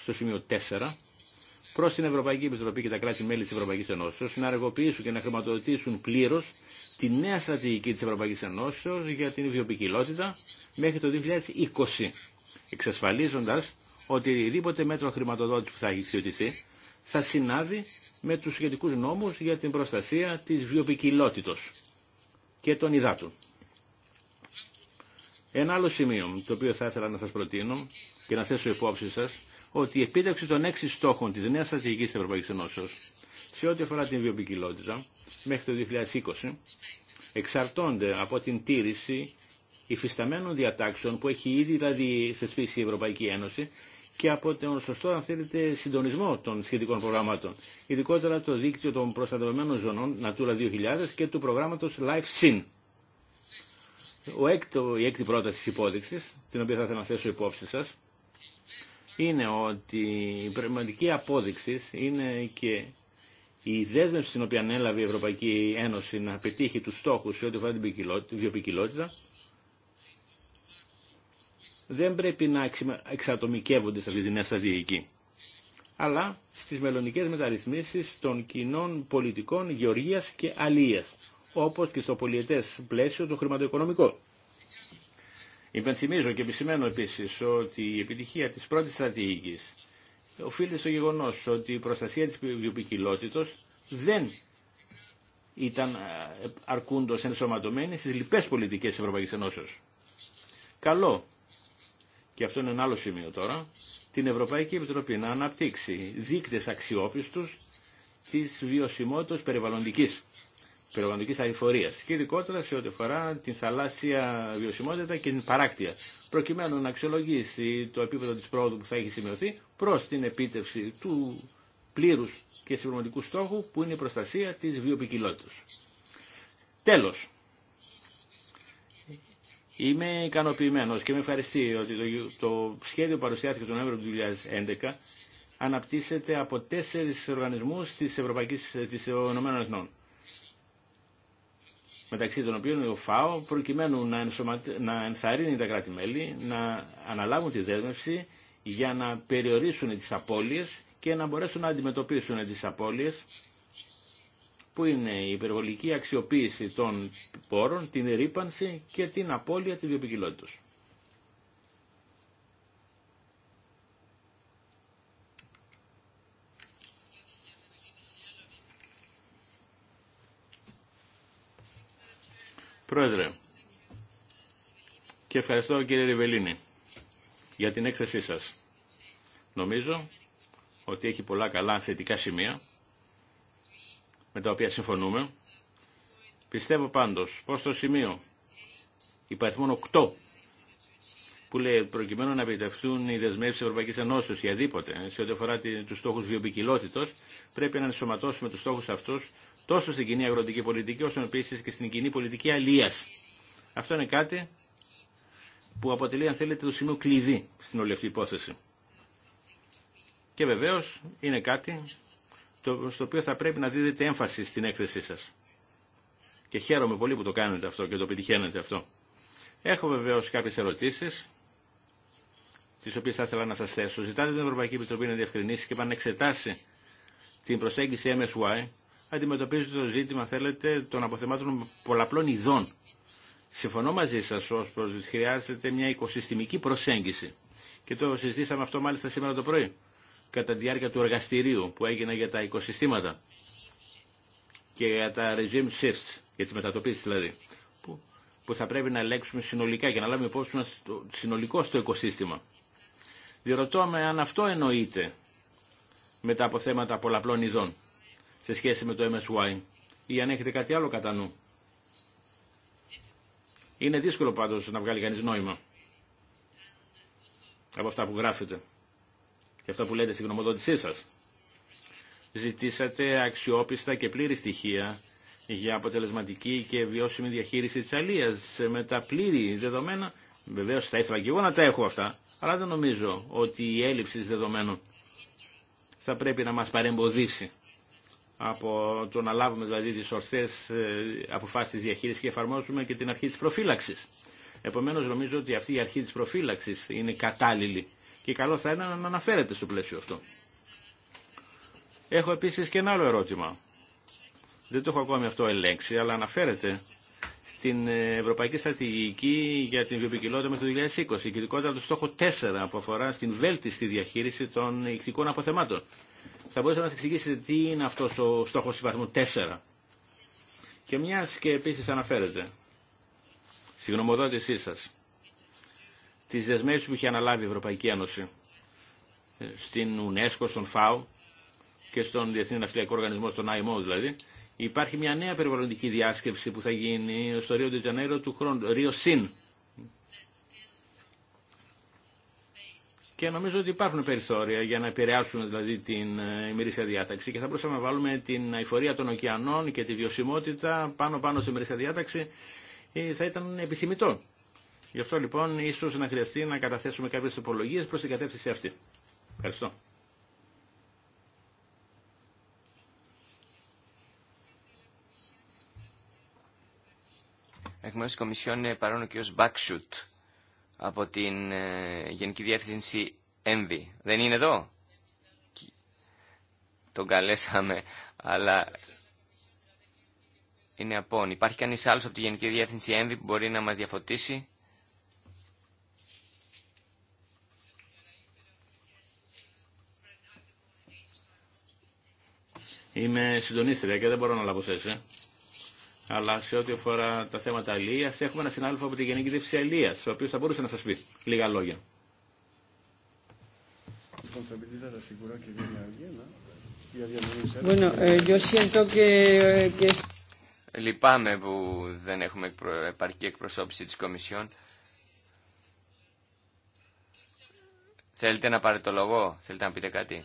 στο σημείο 4 προ την Ευρωπαϊκή Επιτροπή και τα κράτη-μέλη τη Ευρωπαϊκή Ενώσεω να αργοποιήσουν και να χρηματοδοτήσουν πλήρω τη νέα στρατηγική τη Ευρωπαϊκή Ενώσεω για την βιοπικιλότητα μέχρι το 2020, εξασφαλίζοντα ότι οτιδήποτε μέτρο χρηματοδότηση που θα ιδιωτηθεί θα συνάδει με τους σχετικούς νόμους για την προστασία της βιοπικιλότητος και των υδάτων. Ένα άλλο σημείο το οποίο θα ήθελα να σας προτείνω και να θέσω υπόψη σας ότι η επίτευξη των έξι στόχων της νέας στρατηγικής της Ευρωπαϊκής Ενώσεως σε ό,τι αφορά την βιοπικιλότητα μέχρι το 2020 εξαρτώνται από την τήρηση υφισταμένων διατάξεων που έχει ήδη δηλαδή θεσπίσει η Ευρωπαϊκή Ένωση και από τον σωστό, αν θέλετε, συντονισμό των σχετικών προγραμμάτων. Ειδικότερα το δίκτυο των προστατευμένων ζωνών Natura 2000 και του προγράμματος Life Sin. Ο έκτο, η έκτη πρόταση της υπόδειξης, την οποία θα ήθελα να θέσω υπόψη σας, είναι ότι η πραγματική απόδειξη είναι και η δέσμευση την οποία ανέλαβε η Ευρωπαϊκή Ένωση να πετύχει τους στόχους σε ό,τι αφορά την βιοπικιλότητα δεν πρέπει να εξατομικεύονται στα λιδινά στρατηγική, αλλά στις μελλονικές μεταρρυθμίσεις των κοινών πολιτικών γεωργίας και αλίας, όπως και στο πολιετές πλαίσιο το χρηματοοικονομικό. Υπενθυμίζω και επισημαίνω επίση ότι η επιτυχία της πρώτης στρατηγική οφείλεται στο γεγονός ότι η προστασία της βιοποικιλότητος δεν ήταν ε, αρκούντος ενσωματωμένη στις λοιπές πολιτικές της Ευρωπαϊκής Καλό και αυτό είναι ένα άλλο σημείο τώρα, την Ευρωπαϊκή Επιτροπή να αναπτύξει δείκτες αξιόπιστους της βιωσιμότητας περιβαλλοντικής, περιβαλλοντικής αηφορίας και ειδικότερα σε ό,τι αφορά την θαλάσσια βιωσιμότητα και την παράκτεια, προκειμένου να αξιολογήσει το επίπεδο της πρόοδου που θα έχει σημειωθεί προς την επίτευξη του πλήρους και συμπληρωματικού στόχου που είναι η προστασία της βιοποικιλότητας. Τέλος, Είμαι ικανοποιημένο και με ευχαριστεί ότι το, σχέδιο που παρουσιάστηκε τον Νοέμβριο του 2011 αναπτύσσεται από τέσσερι οργανισμού τη Ευρωπαϊκή της Μεταξύ των οποίων ο ΦΑΟ, προκειμένου να, να ενθαρρύνει τα κράτη-μέλη να αναλάβουν τη δέσμευση για να περιορίσουν τι απώλειε και να μπορέσουν να αντιμετωπίσουν τι απώλειε που είναι η υπερβολική αξιοποίηση των πόρων, την ρήπανση και την απώλεια της βιοποικιλότητας. Πρόεδρε, και ευχαριστώ κύριε Ριβελίνη για την έκθεσή σας. Νομίζω ότι έχει πολλά καλά θετικά σημεία με τα οποία συμφωνούμε. Πιστεύω πάντως πως το σημείο υπαριθμών 8 που λέει προκειμένου να επιτευχθούν οι δεσμεύσει τη Ευρωπαϊκή Ενώσεω για δίποτε σε ό,τι αφορά του στόχου βιοπικιλότητα, πρέπει να ενσωματώσουμε του στόχου αυτού τόσο στην κοινή αγροτική πολιτική όσο επίση και στην κοινή πολιτική αλλία. Αυτό είναι κάτι που αποτελεί, αν θέλετε, το σημείο κλειδί στην όλη αυτή υπόθεση. Και βεβαίω είναι κάτι το, στο οποίο θα πρέπει να δίδετε έμφαση στην έκθεσή σας. Και χαίρομαι πολύ που το κάνετε αυτό και το πετυχαίνετε αυτό. Έχω βεβαίως κάποιες ερωτήσεις, τις οποίες θα ήθελα να σας θέσω. Ζητάτε την Ευρωπαϊκή Επιτροπή να διευκρινίσει και να εξετάσει την προσέγγιση MSY, Αντιμετωπίζετε το ζήτημα, θέλετε, των αποθεμάτων πολλαπλών ειδών. Συμφωνώ μαζί σας ως προς χρειάζεται μια οικοσυστημική προσέγγιση. Και το συζητήσαμε αυτό μάλιστα σήμερα το πρωί κατά τη διάρκεια του εργαστηρίου που έγινε για τα οικοσυστήματα και για τα regime shifts, για τις μετατοπίσεις δηλαδή, που, που θα πρέπει να ελέγξουμε συνολικά και να λάβουμε υπόψη μας το συνολικό στο οικοσύστημα. Διερωτώ με αν αυτό εννοείται μετά από θέματα πολλαπλών ειδών σε σχέση με το MSY ή αν έχετε κάτι άλλο κατά νου. Είναι δύσκολο πάντως να βγάλει κανείς νόημα από αυτά που γράφετε και αυτό που λέτε στην γνωμοδότησή σας. Ζητήσατε αξιόπιστα και πλήρη στοιχεία για αποτελεσματική και βιώσιμη διαχείριση της αλίας με τα πλήρη δεδομένα. Βεβαίως θα ήθελα και εγώ να τα έχω αυτά, αλλά δεν νομίζω ότι η έλλειψη δεδομένων θα πρέπει να μας παρεμποδίσει από το να λάβουμε δηλαδή τις ορθές ε, αποφάσεις διαχείρισης και εφαρμόσουμε και την αρχή της προφύλαξης. Επομένως νομίζω ότι αυτή η αρχή της προφύλαξης είναι κατάλληλη και καλό θα είναι να αναφέρεται στο πλαίσιο αυτό. Έχω επίσης και ένα άλλο ερώτημα. Δεν το έχω ακόμη αυτό ελέγξει, αλλά αναφέρεται στην Ευρωπαϊκή Στρατηγική για την Βιοποικιλότητα μέχρι το 2020, και ειδικότερα το στόχο 4 που αφορά στην βέλτιστη διαχείριση των ηχθικών αποθεμάτων. Θα μπορούσατε να μας εξηγήσετε τι είναι αυτό ο στόχος βαθμού 4. Και μιας και επίσης αναφέρεται συγγνωμοδότησή γνωμοδότησή σας τι δεσμεύσεις που είχε αναλάβει η Ευρωπαϊκή Ένωση ε, στην UNESCO, στον ΦΑΟ και στον Διεθνή Ναυτιλιακό Οργανισμό, στον IMO δηλαδή, υπάρχει μια νέα περιβαλλοντική διάσκεψη που θα γίνει στο Ρίο Ντετζανέρο του χρόνου, Ρίο ΣΥΝ. Και νομίζω ότι υπάρχουν περιθώρια για να επηρεάσουν δηλαδή την ε, ημερήσια διάταξη και θα μπορούσαμε να βάλουμε την αηφορία των ωκεανών και τη βιωσιμότητα πάνω πάνω στην ημερήσια διάταξη ε, θα ήταν επιθυμητό. Γι' αυτό λοιπόν ίσως να χρειαστεί να καταθέσουμε κάποιες υπολογίες προς την κατεύθυνση αυτή. Ευχαριστώ. Εκ μέρου τη Κομισιόν παρόν ο κ. Μπάξουτ από την ε, Γενική Διεύθυνση ΕΜΒΗ. Δεν είναι εδώ. Τον καλέσαμε, αλλά είναι απόν. Υπάρχει κανείς άλλος από τη Γενική Διεύθυνση ΕΜΒΗ που μπορεί να μας διαφωτίσει. Είμαι συντονίστρια και δεν μπορώ να λάβω θέση. Αλλά σε ό,τι αφορά τα θέματα αλληλεία, έχουμε ένα συνάδελφο από τη Γενική Διευθυνσία Αλληλεία, ο οποίο θα μπορούσε να σα πει λίγα λόγια. Eh, eh, Λυπάμαι που δεν έχουμε επαρκή εκπροσώπηση της Κομισιόν. Θέλετε να πάρετε το λόγο, θέλετε να πείτε κάτι.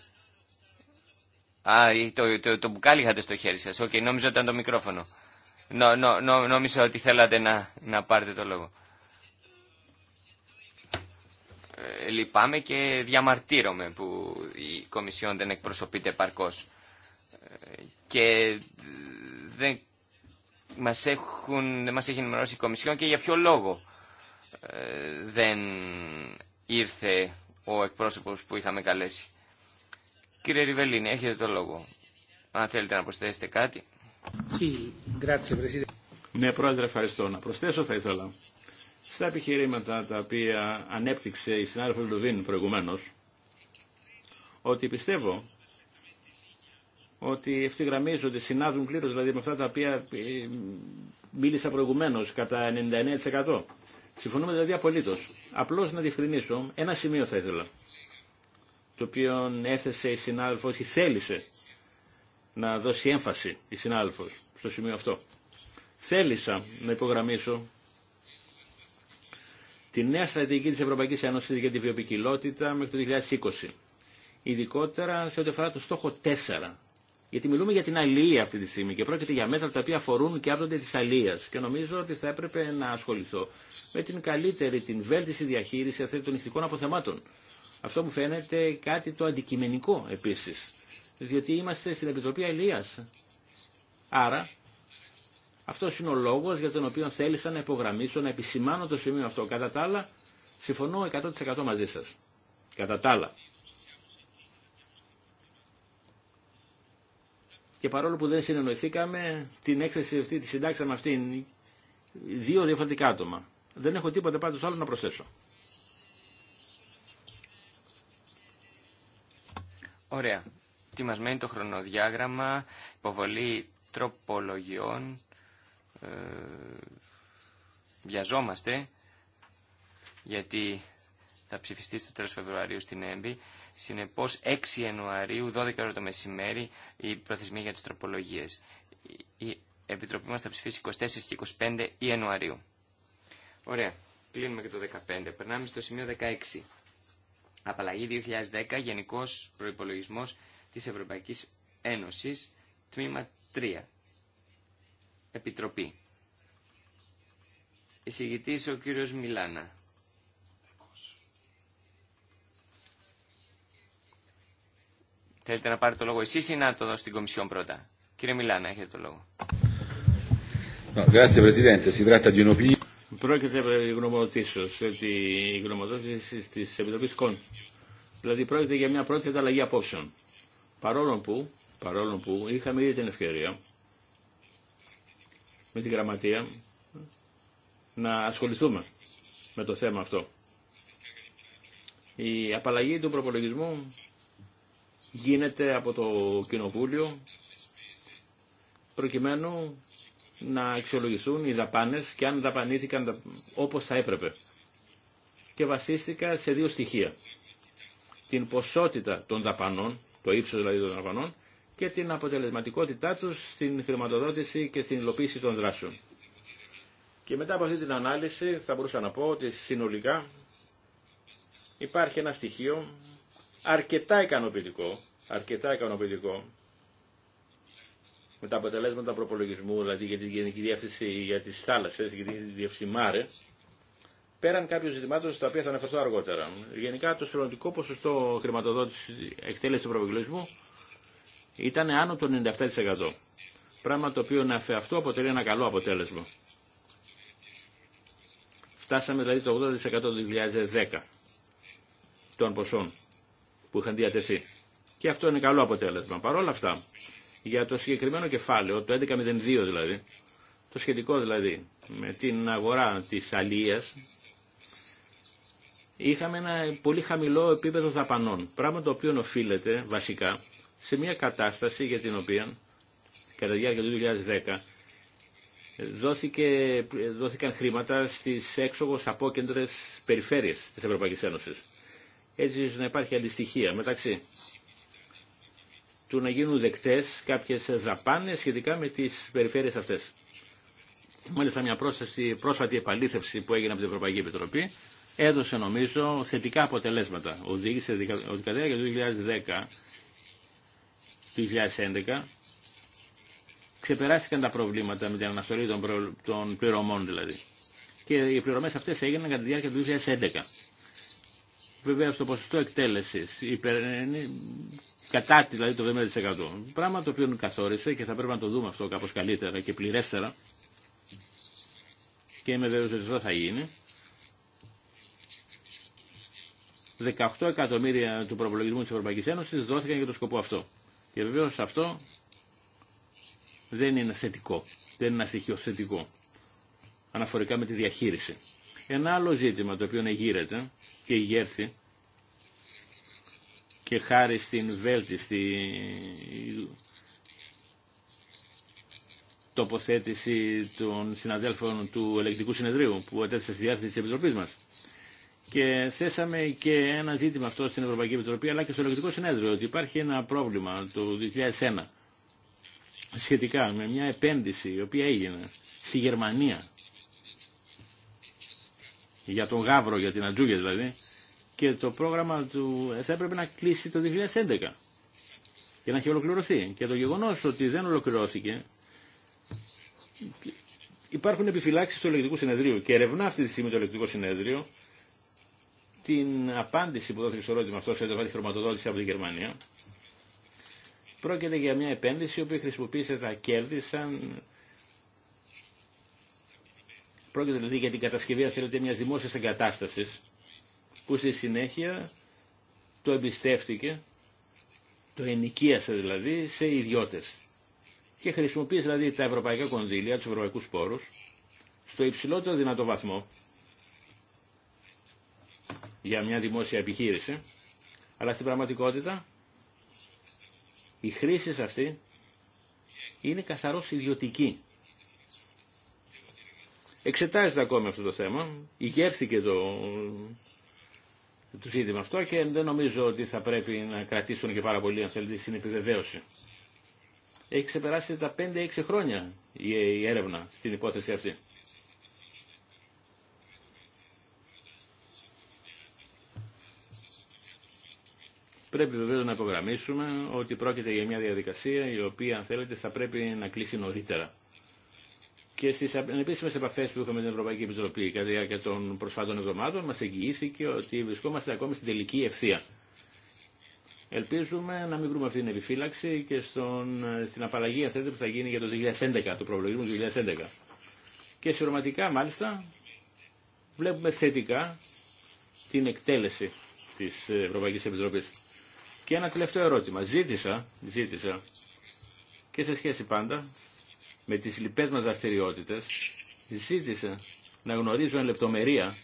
Α, το, το, το μπουκάλι είχατε στο χέρι σας. Οκ, okay, νόμιζα ότι ήταν το μικρόφωνο. Νο, νο, νο, νόμιζα ότι θέλατε να, να πάρετε το λόγο. Ε, λυπάμαι και διαμαρτύρομαι που η Κομισιόν δεν εκπροσωπείται επαρκώς. Ε, και δεν μας, έχουν, δεν μας έχει ενημερώσει η Κομισιόν και για ποιο λόγο ε, δεν ήρθε ο εκπρόσωπος που είχαμε καλέσει. Κύριε Ριβελίνη, έχετε το λόγο. Αν θέλετε να προσθέσετε κάτι. Ναι, Πρόεδρε, ευχαριστώ. Να προσθέσω θα ήθελα στα επιχειρήματα τα οποία ανέπτυξε η συνάδελφο Λουβίν προηγουμένω, ότι πιστεύω ότι ευθυγραμμίζονται, συνάδουν πλήρως δηλαδή με αυτά τα οποία ε, μίλησα προηγουμένω κατά 99%. Συμφωνούμε δηλαδή απολύτω. Απλώ να διευκρινίσω ένα σημείο θα ήθελα το οποίο έθεσε η συνάδελφος ή θέλησε να δώσει έμφαση η συνάδελφος στο σημείο αυτό. Θέλησα να υπογραμμίσω τη νέα στρατηγική της Ευρωπαϊκής Ένωσης για τη βιοπικιλότητα μέχρι το 2020. Ειδικότερα σε ό,τι αφορά το στόχο 4. Γιατί μιλούμε για την αλληλεία αυτή τη στιγμή και πρόκειται για μέτρα τα οποία αφορούν και άπτονται τη αλληλεία. Και νομίζω ότι θα έπρεπε να ασχοληθώ με την καλύτερη, την βέλτιστη διαχείριση αυτή των νυχτικών αποθεμάτων. Αυτό μου φαίνεται κάτι το αντικειμενικό επίσης, διότι είμαστε στην Επιτροπή Αλίας. Άρα, αυτό είναι ο λόγος για τον οποίο θέλησα να υπογραμμίσω, να επισημάνω το σημείο αυτό. Κατά τα άλλα, συμφωνώ 100% μαζί σας. Κατά τα άλλα. Και παρόλο που δεν συνεννοηθήκαμε, την έκθεση αυτή τη συντάξαμε αυτήν δύο διαφορετικά άτομα. Δεν έχω τίποτα πάντως άλλο να προσθέσω. Ωραία. Τι μας μένει το χρονοδιάγραμμα, υποβολή τροπολογιών, ε, βιαζόμαστε γιατί θα ψηφιστεί στο τέλος Φεβρουαρίου στην ΕΜΠΗ. Συνεπώς 6 Ιανουαρίου, 12 ώρα το μεσημέρι, η προθεσμία για τις τροπολογίες. Η Επιτροπή μας θα ψηφίσει 24 και 25 Ιανουαρίου. Ωραία, κλείνουμε και το 15. Περνάμε στο σημείο 16. Απαλλαγή 2010, Γενικό προπολογισμό τη Ευρωπαϊκή Ένωση, τμήμα 3. Επιτροπή. Εισηγητή ο κύριο Μιλάνα. Θέλετε να πάρετε το λόγο εσεί ή να το δώσετε στην Κομισιόν πρώτα. Κύριε Μιλάνα, έχετε το λόγο. Πρόκειται για γνωμοδοτήσεω. ότι η γνωμοδότηση τη επιτροπή Κον. Δηλαδή πρόκειται για μια πρώτη ανταλλαγή απόψεων. Παρόλο που, παρόλο που είχαμε ήδη την ευκαιρία με την γραμματεία να ασχοληθούμε με το θέμα αυτό. Η απαλλαγή του προπολογισμού γίνεται από το Κοινοβούλιο προκειμένου να αξιολογηθούν οι δαπάνες και αν δαπανήθηκαν όπως θα έπρεπε. Και βασίστηκα σε δύο στοιχεία. Την ποσότητα των δαπανών, το ύψος δηλαδή των δαπανών, και την αποτελεσματικότητά τους στην χρηματοδότηση και στην υλοποίηση των δράσεων. Και μετά από αυτή την ανάλυση θα μπορούσα να πω ότι συνολικά υπάρχει ένα στοιχείο αρκετά ικανοποιητικό, αρκετά ικανοποιητικό με τα αποτελέσματα προπολογισμού, δηλαδή για τη Γενική Διεύθυνση για τι θάλασσε, για τη Διεύθυνση ΜΑΡΕ, πέραν κάποιων ζητημάτων στα οποία θα αναφερθώ αργότερα. Γενικά το συλλογικό ποσοστό χρηματοδότηση εκτέλεση του προπολογισμού ήταν άνω των 97%. Πράγμα το οποίο να αυτό αποτελεί ένα καλό αποτέλεσμα. Φτάσαμε δηλαδή το 80% του 2010 των ποσών που είχαν διατεθεί. Και αυτό είναι καλό αποτέλεσμα. Παρ' όλα αυτά, για το συγκεκριμένο κεφάλαιο, το 1102 δηλαδή, το σχετικό δηλαδή με την αγορά της αλίας, είχαμε ένα πολύ χαμηλό επίπεδο δαπανών, πράγμα το οποίο οφείλεται βασικά σε μια κατάσταση για την οποία κατά τη διάρκεια του 2010 δόθηκε, δόθηκαν χρήματα στις έξογος απόκεντρες περιφέρειες της Ευρωπαϊκής Ένωσης. Έτσι να υπάρχει αντιστοιχία μεταξύ του να γίνουν δεκτές κάποιες δαπάνες σχετικά με τις περιφέρειες αυτές. Μάλιστα μια πρόσθεση, πρόσφατη επαλήθευση που έγινε από την Ευρωπαϊκή Επιτροπή έδωσε νομίζω θετικά αποτελέσματα. Οδήγησε ο κατά για το 2010-2011 ξεπεράστηκαν τα προβλήματα με την αναστολή των, προ... πληρωμών δηλαδή. Και οι πληρωμές αυτές έγιναν κατά τη διάρκεια του 2011. Βέβαια στο ποσοστό εκτέλεσης υπερ κατά τη δηλαδή το 70%. Πράγμα το οποίο καθόρισε και θα πρέπει να το δούμε αυτό κάπως καλύτερα και πληρέστερα και είμαι βέβαιος ότι αυτό θα γίνει. 18 εκατομμύρια του προπολογισμού της Ευρωπαϊκής Ένωσης δόθηκαν για το σκοπό αυτό. Και βεβαίω αυτό δεν είναι θετικό, δεν είναι ένα στοιχείο θετικό αναφορικά με τη διαχείριση. Ένα άλλο ζήτημα το οποίο γύρεται και γέρθη και χάρη στην βέλτιστη τοποθέτηση των συναδέλφων του Ελεκτικού Συνεδρίου που έτέσε στη διάθεση της Επιτροπής μας. Και θέσαμε και ένα ζήτημα αυτό στην Ευρωπαϊκή Επιτροπή αλλά και στο Ελεκτικό Συνέδριο ότι υπάρχει ένα πρόβλημα το 2001 σχετικά με μια επένδυση η οποία έγινε στη Γερμανία για τον Γάβρο, για την Ατζούγια δηλαδή, και το πρόγραμμα του θα έπρεπε να κλείσει το 2011 και να έχει ολοκληρωθεί. Και το γεγονός ότι δεν ολοκληρώθηκε υπάρχουν επιφυλάξεις του ελεκτικού συνεδρίου και ερευνά αυτή τη στιγμή το ελεκτικό συνεδρίο την απάντηση που δόθηκε στο ερώτημα αυτό σε έντοφα χρηματοδότηση από τη Γερμανία. Πρόκειται για μια επένδυση που χρησιμοποίησε τα κέρδη σαν Πρόκειται δηλαδή για την κατασκευή, αν θέλετε, μια δημόσια εγκατάσταση που στη συνέχεια το εμπιστεύτηκε, το ενοικίασε δηλαδή σε ιδιώτες και χρησιμοποίησε δηλαδή τα ευρωπαϊκά κονδύλια, τους ευρωπαϊκούς πόρους, στο υψηλότερο δυνατό βαθμό για μια δημόσια επιχείρηση, αλλά στην πραγματικότητα η χρήση αυτή είναι καθαρό ιδιωτική. Εξετάζεται ακόμη αυτό το θέμα, ηγέρθηκε το του αυτό και δεν νομίζω ότι θα πρέπει να κρατήσουν και πάρα πολύ αν θέλετε στην επιβεβαίωση. Έχει ξεπεράσει τα 5-6 χρόνια η έρευνα στην υπόθεση αυτή. Πρέπει βεβαίω να υπογραμμίσουμε ότι πρόκειται για μια διαδικασία η οποία, αν θέλετε, θα πρέπει να κλείσει νωρίτερα και στι επίσημε επαφέ που είχαμε με την Ευρωπαϊκή Επιτροπή κατά τη διάρκεια των προσφάτων εβδομάδων μας εγγυήθηκε ότι βρισκόμαστε ακόμη στην τελική ευθεία. Ελπίζουμε να μην βρούμε αυτή την επιφύλαξη και στον, στην απαλλαγή αυτή που θα γίνει για το 2011, το προβλογισμό του 2011. Και συρωματικά μάλιστα βλέπουμε θετικά την εκτέλεση τη Ευρωπαϊκή Επιτροπή. Και ένα τελευταίο ερώτημα. Ζήτησα, ζήτησα και σε σχέση πάντα με τις λοιπές μας δραστηριότητες ζήτησε να γνωρίζω εν λεπτομερία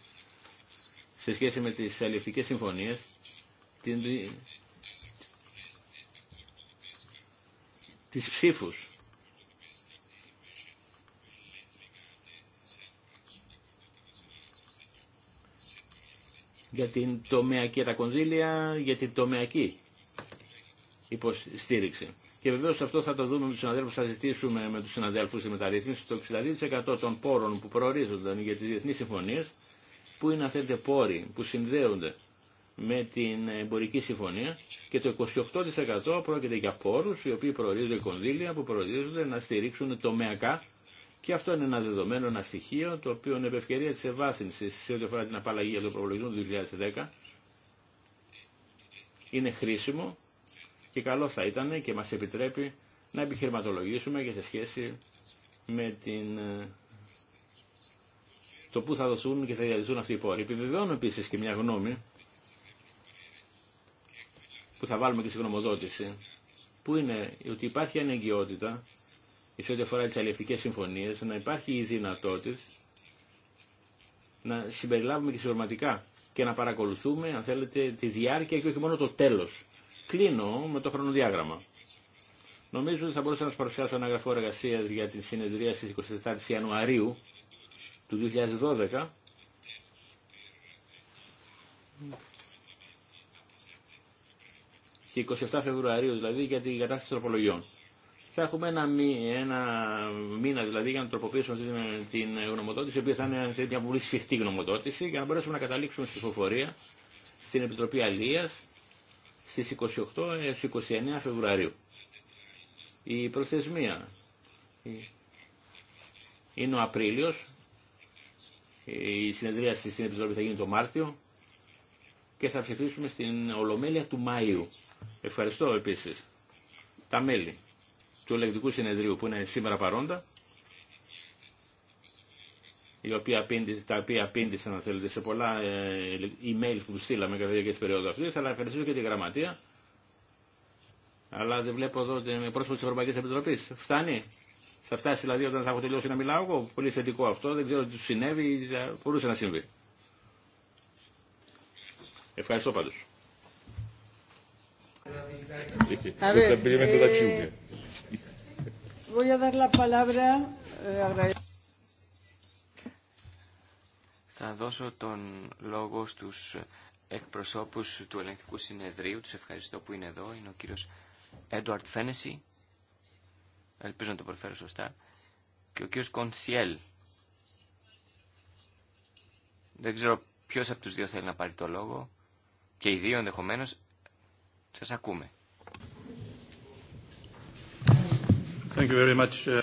σε σχέση με τις αλληλευτικές συμφωνίες την, τις ψήφους για την τομεακή, τα κονδύλια για την τομεακή υποστήριξη. Και βεβαίω αυτό θα το δούμε με του συναδέλφου, θα ζητήσουμε με του συναδέλφου τη μεταρρύθμιση. Το 62% των πόρων που προορίζονταν για τι διεθνεί συμφωνίε, που είναι αν θέλετε πόροι που συνδέονται με την εμπορική συμφωνία και το 28% πρόκειται για πόρου οι οποίοι προορίζονται κονδύλια που προορίζονται να στηρίξουν τομεακά και αυτό είναι ένα δεδομένο, ένα στοιχείο το οποίο είναι ευκαιρία της ευάθυνσης σε ό,τι αφορά την απαλλαγή για το του 2010 είναι χρήσιμο και καλό θα ήταν και μας επιτρέπει να επιχειρηματολογήσουμε και σε σχέση με την... Ε, το πού θα δοθούν και θα διαλυθούν αυτοί οι πόροι. Επιβεβαιώνω επίσης και μια γνώμη που θα βάλουμε και στην γνωμοδότηση, που είναι ότι υπάρχει ανεγκαιότητα, σε ό,τι αφορά τις αλληλευτικές συμφωνίες, να υπάρχει η δυνατότητα να συμπεριλάβουμε και συμπληρωματικά και να παρακολουθούμε, αν θέλετε, τη διάρκεια και όχι μόνο το τέλος Κλείνω με το χρονοδιάγραμμα. Νομίζω ότι θα μπορούσα να σα παρουσιάσω ένα γραφό εργασία για την συνεδρία στι 27 Ιανουαρίου του 2012 και 27 Φεβρουαρίου δηλαδή για την κατάσταση των τροπολογιών. Θα έχουμε ένα, μήνα δηλαδή για να τροποποιήσουμε την γνωμοτότηση, η οποία θα είναι μια πολύ σφιχτή γνωμοδότηση, για να μπορέσουμε να καταλήξουμε στη ψηφοφορία στην Επιτροπή Αλίας στις 28 29 Φεβρουαρίου. Η προθεσμία είναι ο Απρίλιος, η συνεδρία στην Επιτροπή θα γίνει το Μάρτιο και θα ψηφίσουμε στην Ολομέλεια του Μαΐου. Ευχαριστώ επίσης τα μέλη του Ελεκτικού Συνεδρίου που είναι σήμερα παρόντα η οποία απήντησαν, τα οποία απήντησαν, αν θέλετε, σε πολλά email που του στείλαμε κατά τη διάρκεια τη περίοδου αυτή. Αλλά ευχαριστήσω και τη γραμματεία. Αλλά δεν βλέπω εδώ με πρόσωπο τη Ευρωπαϊκή Επιτροπή. Φτάνει. Θα φτάσει δηλαδή όταν θα έχω τελειώσει να μιλάω εγώ. Πολύ θετικό αυτό. Δεν ξέρω τι συνέβη ή θα μπορούσε να συμβεί. Ευχαριστώ πάντως. Θα δώσω τον λόγο στους εκπροσώπους του Ελεγκτικού Συνεδρίου. Τους ευχαριστώ που είναι εδώ. Είναι ο κύριος Έντουαρτ Φένεση. Ελπίζω να το προφέρω σωστά. Και ο κύριος Κονσιέλ. Δεν ξέρω ποιος από τους δύο θέλει να πάρει το λόγο. Και οι δύο ενδεχομένω Σας ακούμε. Thank you very much. Uh,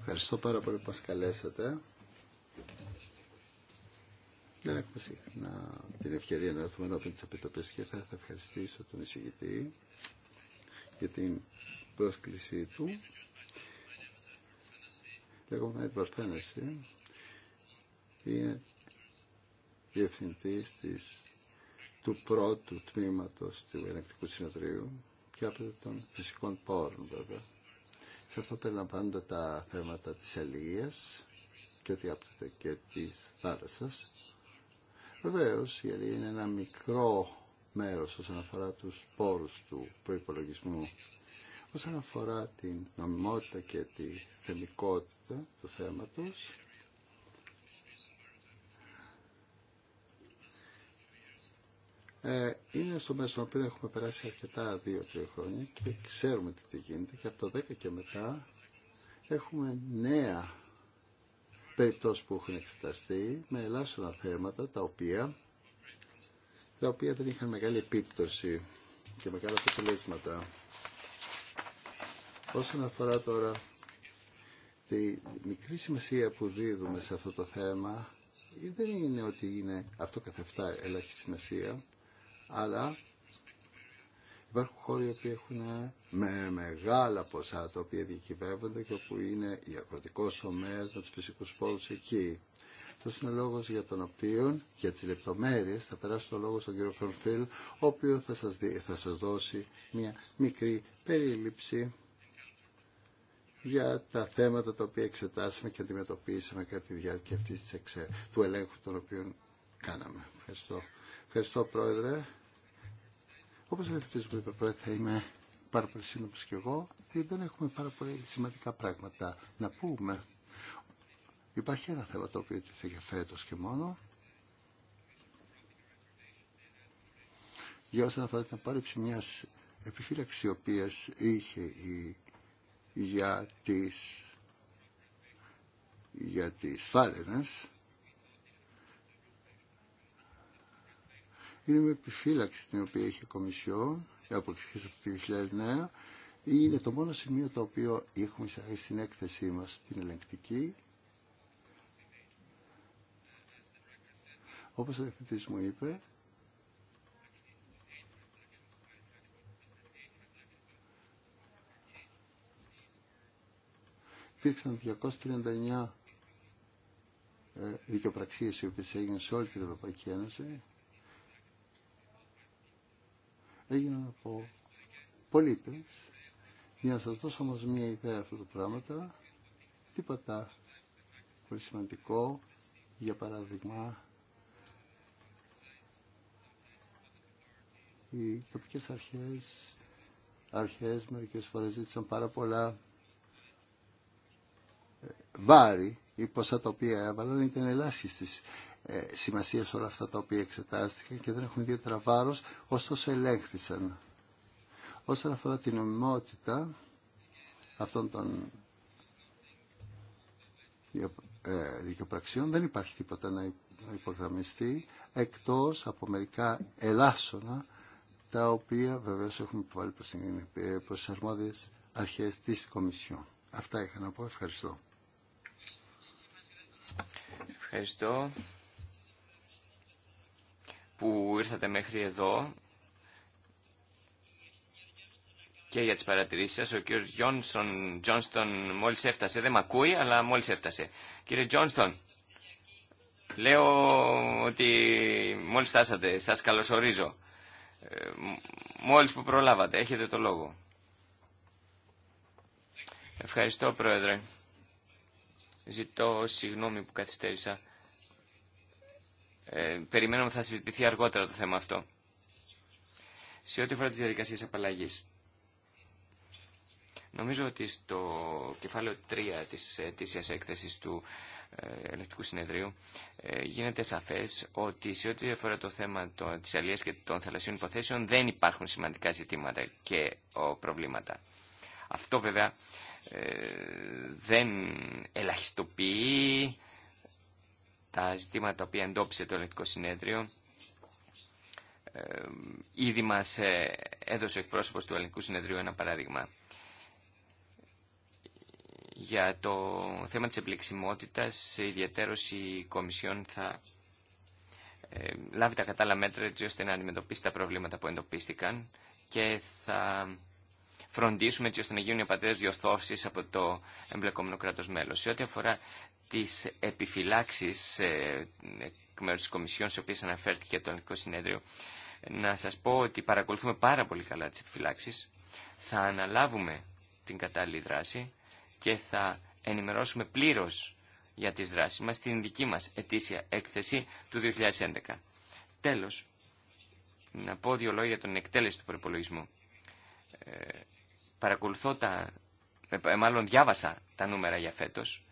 Ευχαριστώ πάρα πολύ που μας καλέσατε. Δεν έχουμε συχνά την ευκαιρία να έρθουμε ενώπιν της επιτροπές και θα, ευχαριστήσω τον εισηγητή για την πρόσκλησή του. Λέγομαι Edward Fantasy. Είναι διευθυντής της, του πρώτου τμήματος του Ελεκτικού Συνεδρίου και από των φυσικών πόρων βέβαια. Σε αυτό περιλαμβάνονται τα θέματα της αλληλείας και ότι άπτεται και της θάλασσας. Βεβαίω, η αλληλεία είναι ένα μικρό μέρος όσον αφορά τους πόρους του προϋπολογισμού. Όσον αφορά την νομιμότητα και τη θεμικότητα του θέματος, Ε, είναι στο μέσο που οποίο έχουμε περάσει αρκετά δύο-τρία χρόνια και ξέρουμε τι γίνεται και από το 10 και μετά έχουμε νέα περιπτώσεις που έχουν εξεταστεί με ελάσσονα θέματα τα οποία, τα οποία δεν είχαν μεγάλη επίπτωση και μεγάλα αποτελέσματα. Όσον αφορά τώρα τη μικρή σημασία που δίδουμε σε αυτό το θέμα δεν είναι ότι είναι αυτό καθ' ελάχιστη σημασία αλλά υπάρχουν χώροι που έχουν ε, με μεγάλα ποσά τα οποία διακυβεύονται και όπου είναι η αγροτικό τομέα με του φυσικού πόρου εκεί. Αυτό είναι ο λόγο για τον οποίο, για τι λεπτομέρειε, θα περάσω το λόγο στον κύριο Κορφίλ, ο οποίο θα σα θα σας δώσει μια μικρή περίληψη για τα θέματα τα οποία εξετάσαμε και αντιμετωπίσαμε κατά τη διάρκεια αυτή τη του ελέγχου των οποίων κάναμε. Ευχαριστώ. Ευχαριστώ, Πρόεδρε. Όπως ο μου είπε πρώτα θα είμαι πάρα πολύ σύντομος και εγώ γιατί δεν έχουμε πάρα πολύ σημαντικά πράγματα να πούμε. Υπάρχει ένα θέμα το οποίο θα για φέτος και μόνο για όσον αφορά την απόρριψη μιας επιφύλαξης η οποία είχε η, για τις για είναι με επιφύλαξη την οποία έχει η Κομισιόν από αρχές από το 2009 είναι το μόνο σημείο το οποίο έχουμε εισαγεί στην έκθεσή μας την ελεγκτική όπως ο διευθυντής μου είπε υπήρξαν 239 ε, δικαιοπραξίες οι οποίες έγιναν σε όλη την Ευρωπαϊκή Ένωση έγιναν από πολίτες για να σας δώσω όμως μία ιδέα αυτού του πράγματα τίποτα πολύ σημαντικό για παράδειγμα οι τοπικές αρχές αρχές μερικές φορές ζήτησαν πάρα πολλά ε, βάρη η ποσά τα οποία έβαλαν ήταν ελάχιστη ε, σημασία σε όλα αυτά τα οποία εξετάστηκαν και δεν έχουν ιδιαίτερα βάρο, ωστόσο ελέγχθησαν. Όσον αφορά την ομιμότητα αυτών των ε, δικαιοπραξιών δεν υπάρχει τίποτα να υπογραμμιστεί εκτός από μερικά ελάσσονα τα οποία βεβαίως έχουμε υποβάλει προς, προς αρμόδιες αρχές της Κομισιόν. Αυτά είχα να πω. Ευχαριστώ. Ευχαριστώ που ήρθατε μέχρι εδώ και για τις παρατηρήσεις σας. Ο κύριος Γιόνσον, Τζόνστον μόλις έφτασε, δεν με ακούει, αλλά μόλις έφτασε. Κύριε Τζόνστον, λέω ότι μόλις φτάσατε, σας καλωσορίζω. Ε, μόλις που προλάβατε, έχετε το λόγο. Ευχαριστώ, Πρόεδρε. Ζητώ συγγνώμη που καθυστέρησα. Ε, περιμένουμε θα συζητηθεί αργότερα το θέμα αυτό. Σε ό,τι αφορά τι διαδικασίε απαλλαγή. Νομίζω ότι στο κεφάλαιο 3 της αιτήσιας έκθεσης του ε, Ελεκτικού Συνεδρίου ε, γίνεται σαφές ότι σε ό,τι αφορά το θέμα της αλλίας και των θαλασσιών υποθέσεων δεν υπάρχουν σημαντικά ζητήματα και προβλήματα. Αυτό βέβαια ε, δεν ελαχιστοποιεί τα ζητήματα τα οποία εντόπισε το Ελληνικό συνέδριο. Ε, ήδη μας ε, έδωσε ο εκπρόσωπος του Ελληνικού συνεδρίου ένα παράδειγμα. Για το θέμα της επιλεξιμότητας, ιδιαίτερω η Κομισιόν θα ε, λάβει τα κατάλληλα μέτρα έτσι ώστε να αντιμετωπίσει τα προβλήματα που εντοπίστηκαν και θα φροντίσουμε έτσι ώστε να γίνουν οι απαραίτητε διορθώσει από το εμπλεκόμενο κράτο μέλο. Σε ό,τι αφορά τι επιφυλάξει ε, εκ μέρου τη Κομισιόν, στι οποίε αναφέρθηκε το Ελληνικό Συνέδριο, να σα πω ότι παρακολουθούμε πάρα πολύ καλά τι επιφυλάξει. Θα αναλάβουμε την κατάλληλη δράση και θα ενημερώσουμε πλήρω για τις δράσεις μας στην δική μας ετήσια έκθεση του 2011. Τέλος, να πω δύο λόγια για την εκτέλεση του προπολογισμού. Ε, παρακολουθώ τα, ε, μάλλον διάβασα τα νούμερα για φέτος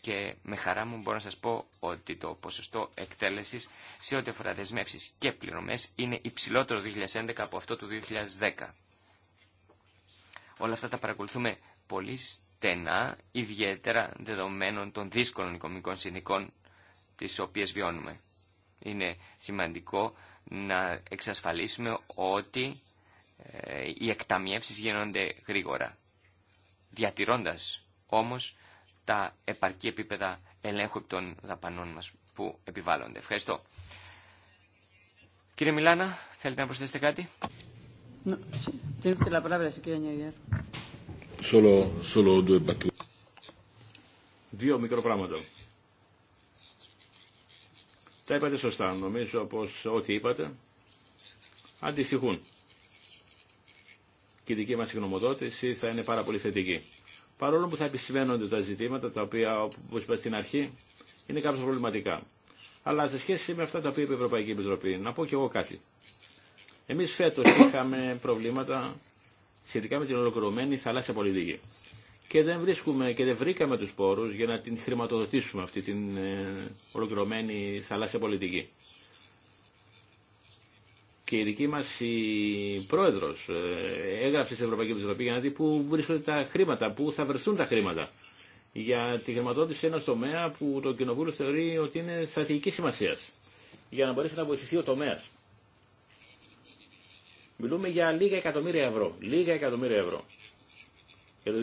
και με χαρά μου μπορώ να σας πω ότι το ποσοστό εκτέλεσης σε ό,τι αφορά δεσμεύσεις και πληρωμές είναι υψηλότερο το 2011 από αυτό το 2010. Όλα αυτά τα παρακολουθούμε πολύ στενά, ιδιαίτερα δεδομένων των δύσκολων οικονομικών συνδικών τις οποίες βιώνουμε. Είναι σημαντικό να εξασφαλίσουμε ότι ε, οι εκταμιεύσεις γίνονται γρήγορα, διατηρώντας όμως τα επαρκή επίπεδα ελέγχου των δαπανών μας που επιβάλλονται. Ευχαριστώ. Κύριε Μιλάνα, θέλετε να προσθέσετε κάτι. Δύο μικρό πράγματα. Τα είπατε σωστά. Νομίζω πως ό,τι είπατε αντιστοιχούν και η δική μας γνωμοδότηση θα είναι πάρα πολύ θετική. Παρόλο που θα επισημαίνονται τα ζητήματα τα οποία, όπως είπα στην αρχή, είναι κάπως προβληματικά. Αλλά σε σχέση με αυτά τα οποία είπε η Ευρωπαϊκή Επιτροπή, να πω κι εγώ κάτι. Εμείς φέτος είχαμε προβλήματα σχετικά με την ολοκληρωμένη θαλάσσια πολιτική. Και δεν βρίσκουμε και δεν βρήκαμε του πόρου για να την χρηματοδοτήσουμε αυτή την ε, ολοκληρωμένη θαλάσσια πολιτική και η δική μας η πρόεδρος ε, έγραψε στην Ευρωπαϊκή Επιτροπή για να δει πού βρίσκονται τα χρήματα, πού θα βρεθούν τα χρήματα για τη χρηματοδότηση ένα τομέα που το Κοινοβούλιο θεωρεί ότι είναι στρατηγική σημασία για να μπορέσει να βοηθηθεί ο τομέα. Μιλούμε για λίγα εκατομμύρια ευρώ. Λίγα εκατομμύρια ευρώ. Για το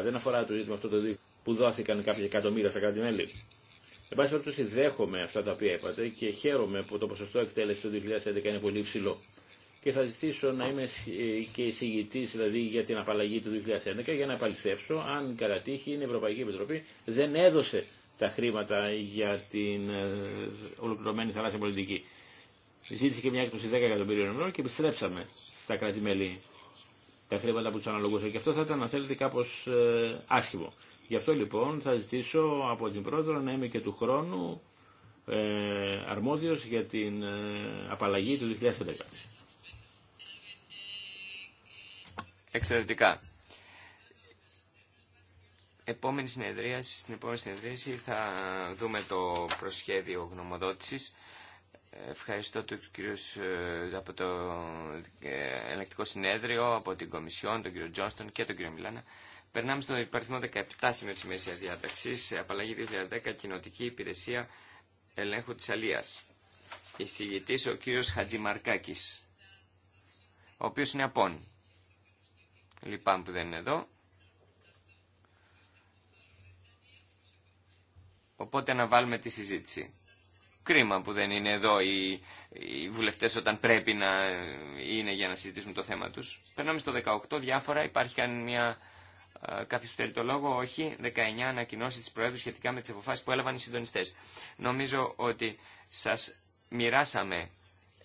2011. Δεν αφορά το ζήτημα αυτό το δί, που δόθηκαν κάποια εκατομμύρια στα κράτη-μέλη. Εν πάση περιπτώσει δέχομαι αυτά τα οποία είπατε και χαίρομαι που το ποσοστό εκτέλεση του 2011 είναι πολύ ψηλό. Και θα ζητήσω να είμαι ε, και εισηγητή δηλαδή για την απαλλαγή του 2011 για να επαληθεύσω αν κατά τύχη η Ευρωπαϊκή Επιτροπή δεν έδωσε τα χρήματα για την ε, ολοκληρωμένη θαλάσσια πολιτική. Ζήτησε και μια έκπτωση 10 εκατομμυρίων ευρώ και επιστρέψαμε στα κράτη-μέλη τα χρήματα που του αναλογούσαν. Και αυτό θα ήταν, αν θέλετε, κάπω ε, άσχημο. Γι' αυτό λοιπόν θα ζητήσω από την πρόεδρο να είμαι και του χρόνου ε, αρμόδιος για την ε, απαλλαγή του 2011. Εξαιρετικά. Επόμενη συνεδρία, στην επόμενη συνεδρίαση θα δούμε το προσχέδιο γνωμοδότησης. Ευχαριστώ του κύριους ε, από το Ελεκτικό Συνέδριο, από την Κομισιόν, τον κύριο Τζόνστον και τον κύριο Μιλάνα. Περνάμε στο υπαριθμό 17 σημείο της Μέσιας διάταξης, απαλλαγή 2010, κοινοτική υπηρεσία ελέγχου της αλίας. Εισηγητής ο κύριος Χατζημαρκάκης, ο οποίος είναι απόν. Λυπάμαι που δεν είναι εδώ. Οπότε να βάλουμε τη συζήτηση. Κρίμα που δεν είναι εδώ οι, οι βουλευτές όταν πρέπει να είναι για να συζητήσουμε το θέμα τους. Περνάμε στο 18, διάφορα, υπάρχει καν μια ε, Κάποιο θέλει το λόγο, όχι. 19 ανακοινώσει τη Προέδρου σχετικά με τι αποφάσει που έλαβαν οι συντονιστέ. Νομίζω ότι σα μοιράσαμε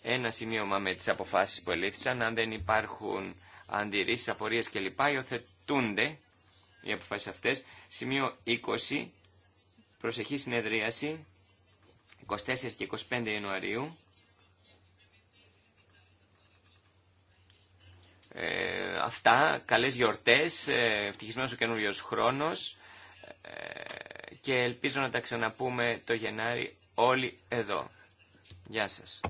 ένα σημείωμα με τι αποφάσει που ελήφθησαν. Αν δεν υπάρχουν αντιρρήσει, απορίε κλπ. υιοθετούνται οι αποφάσει αυτέ. Σημείο 20. Προσεχή συνεδρίαση 24 και 25 Ιανουαρίου Ε, αυτά, καλές γιορτές, ε, ευτυχισμένος ο καινούριο χρόνος ε, και ελπίζω να τα ξαναπούμε το Γενάρη όλοι εδώ. Γεια σας.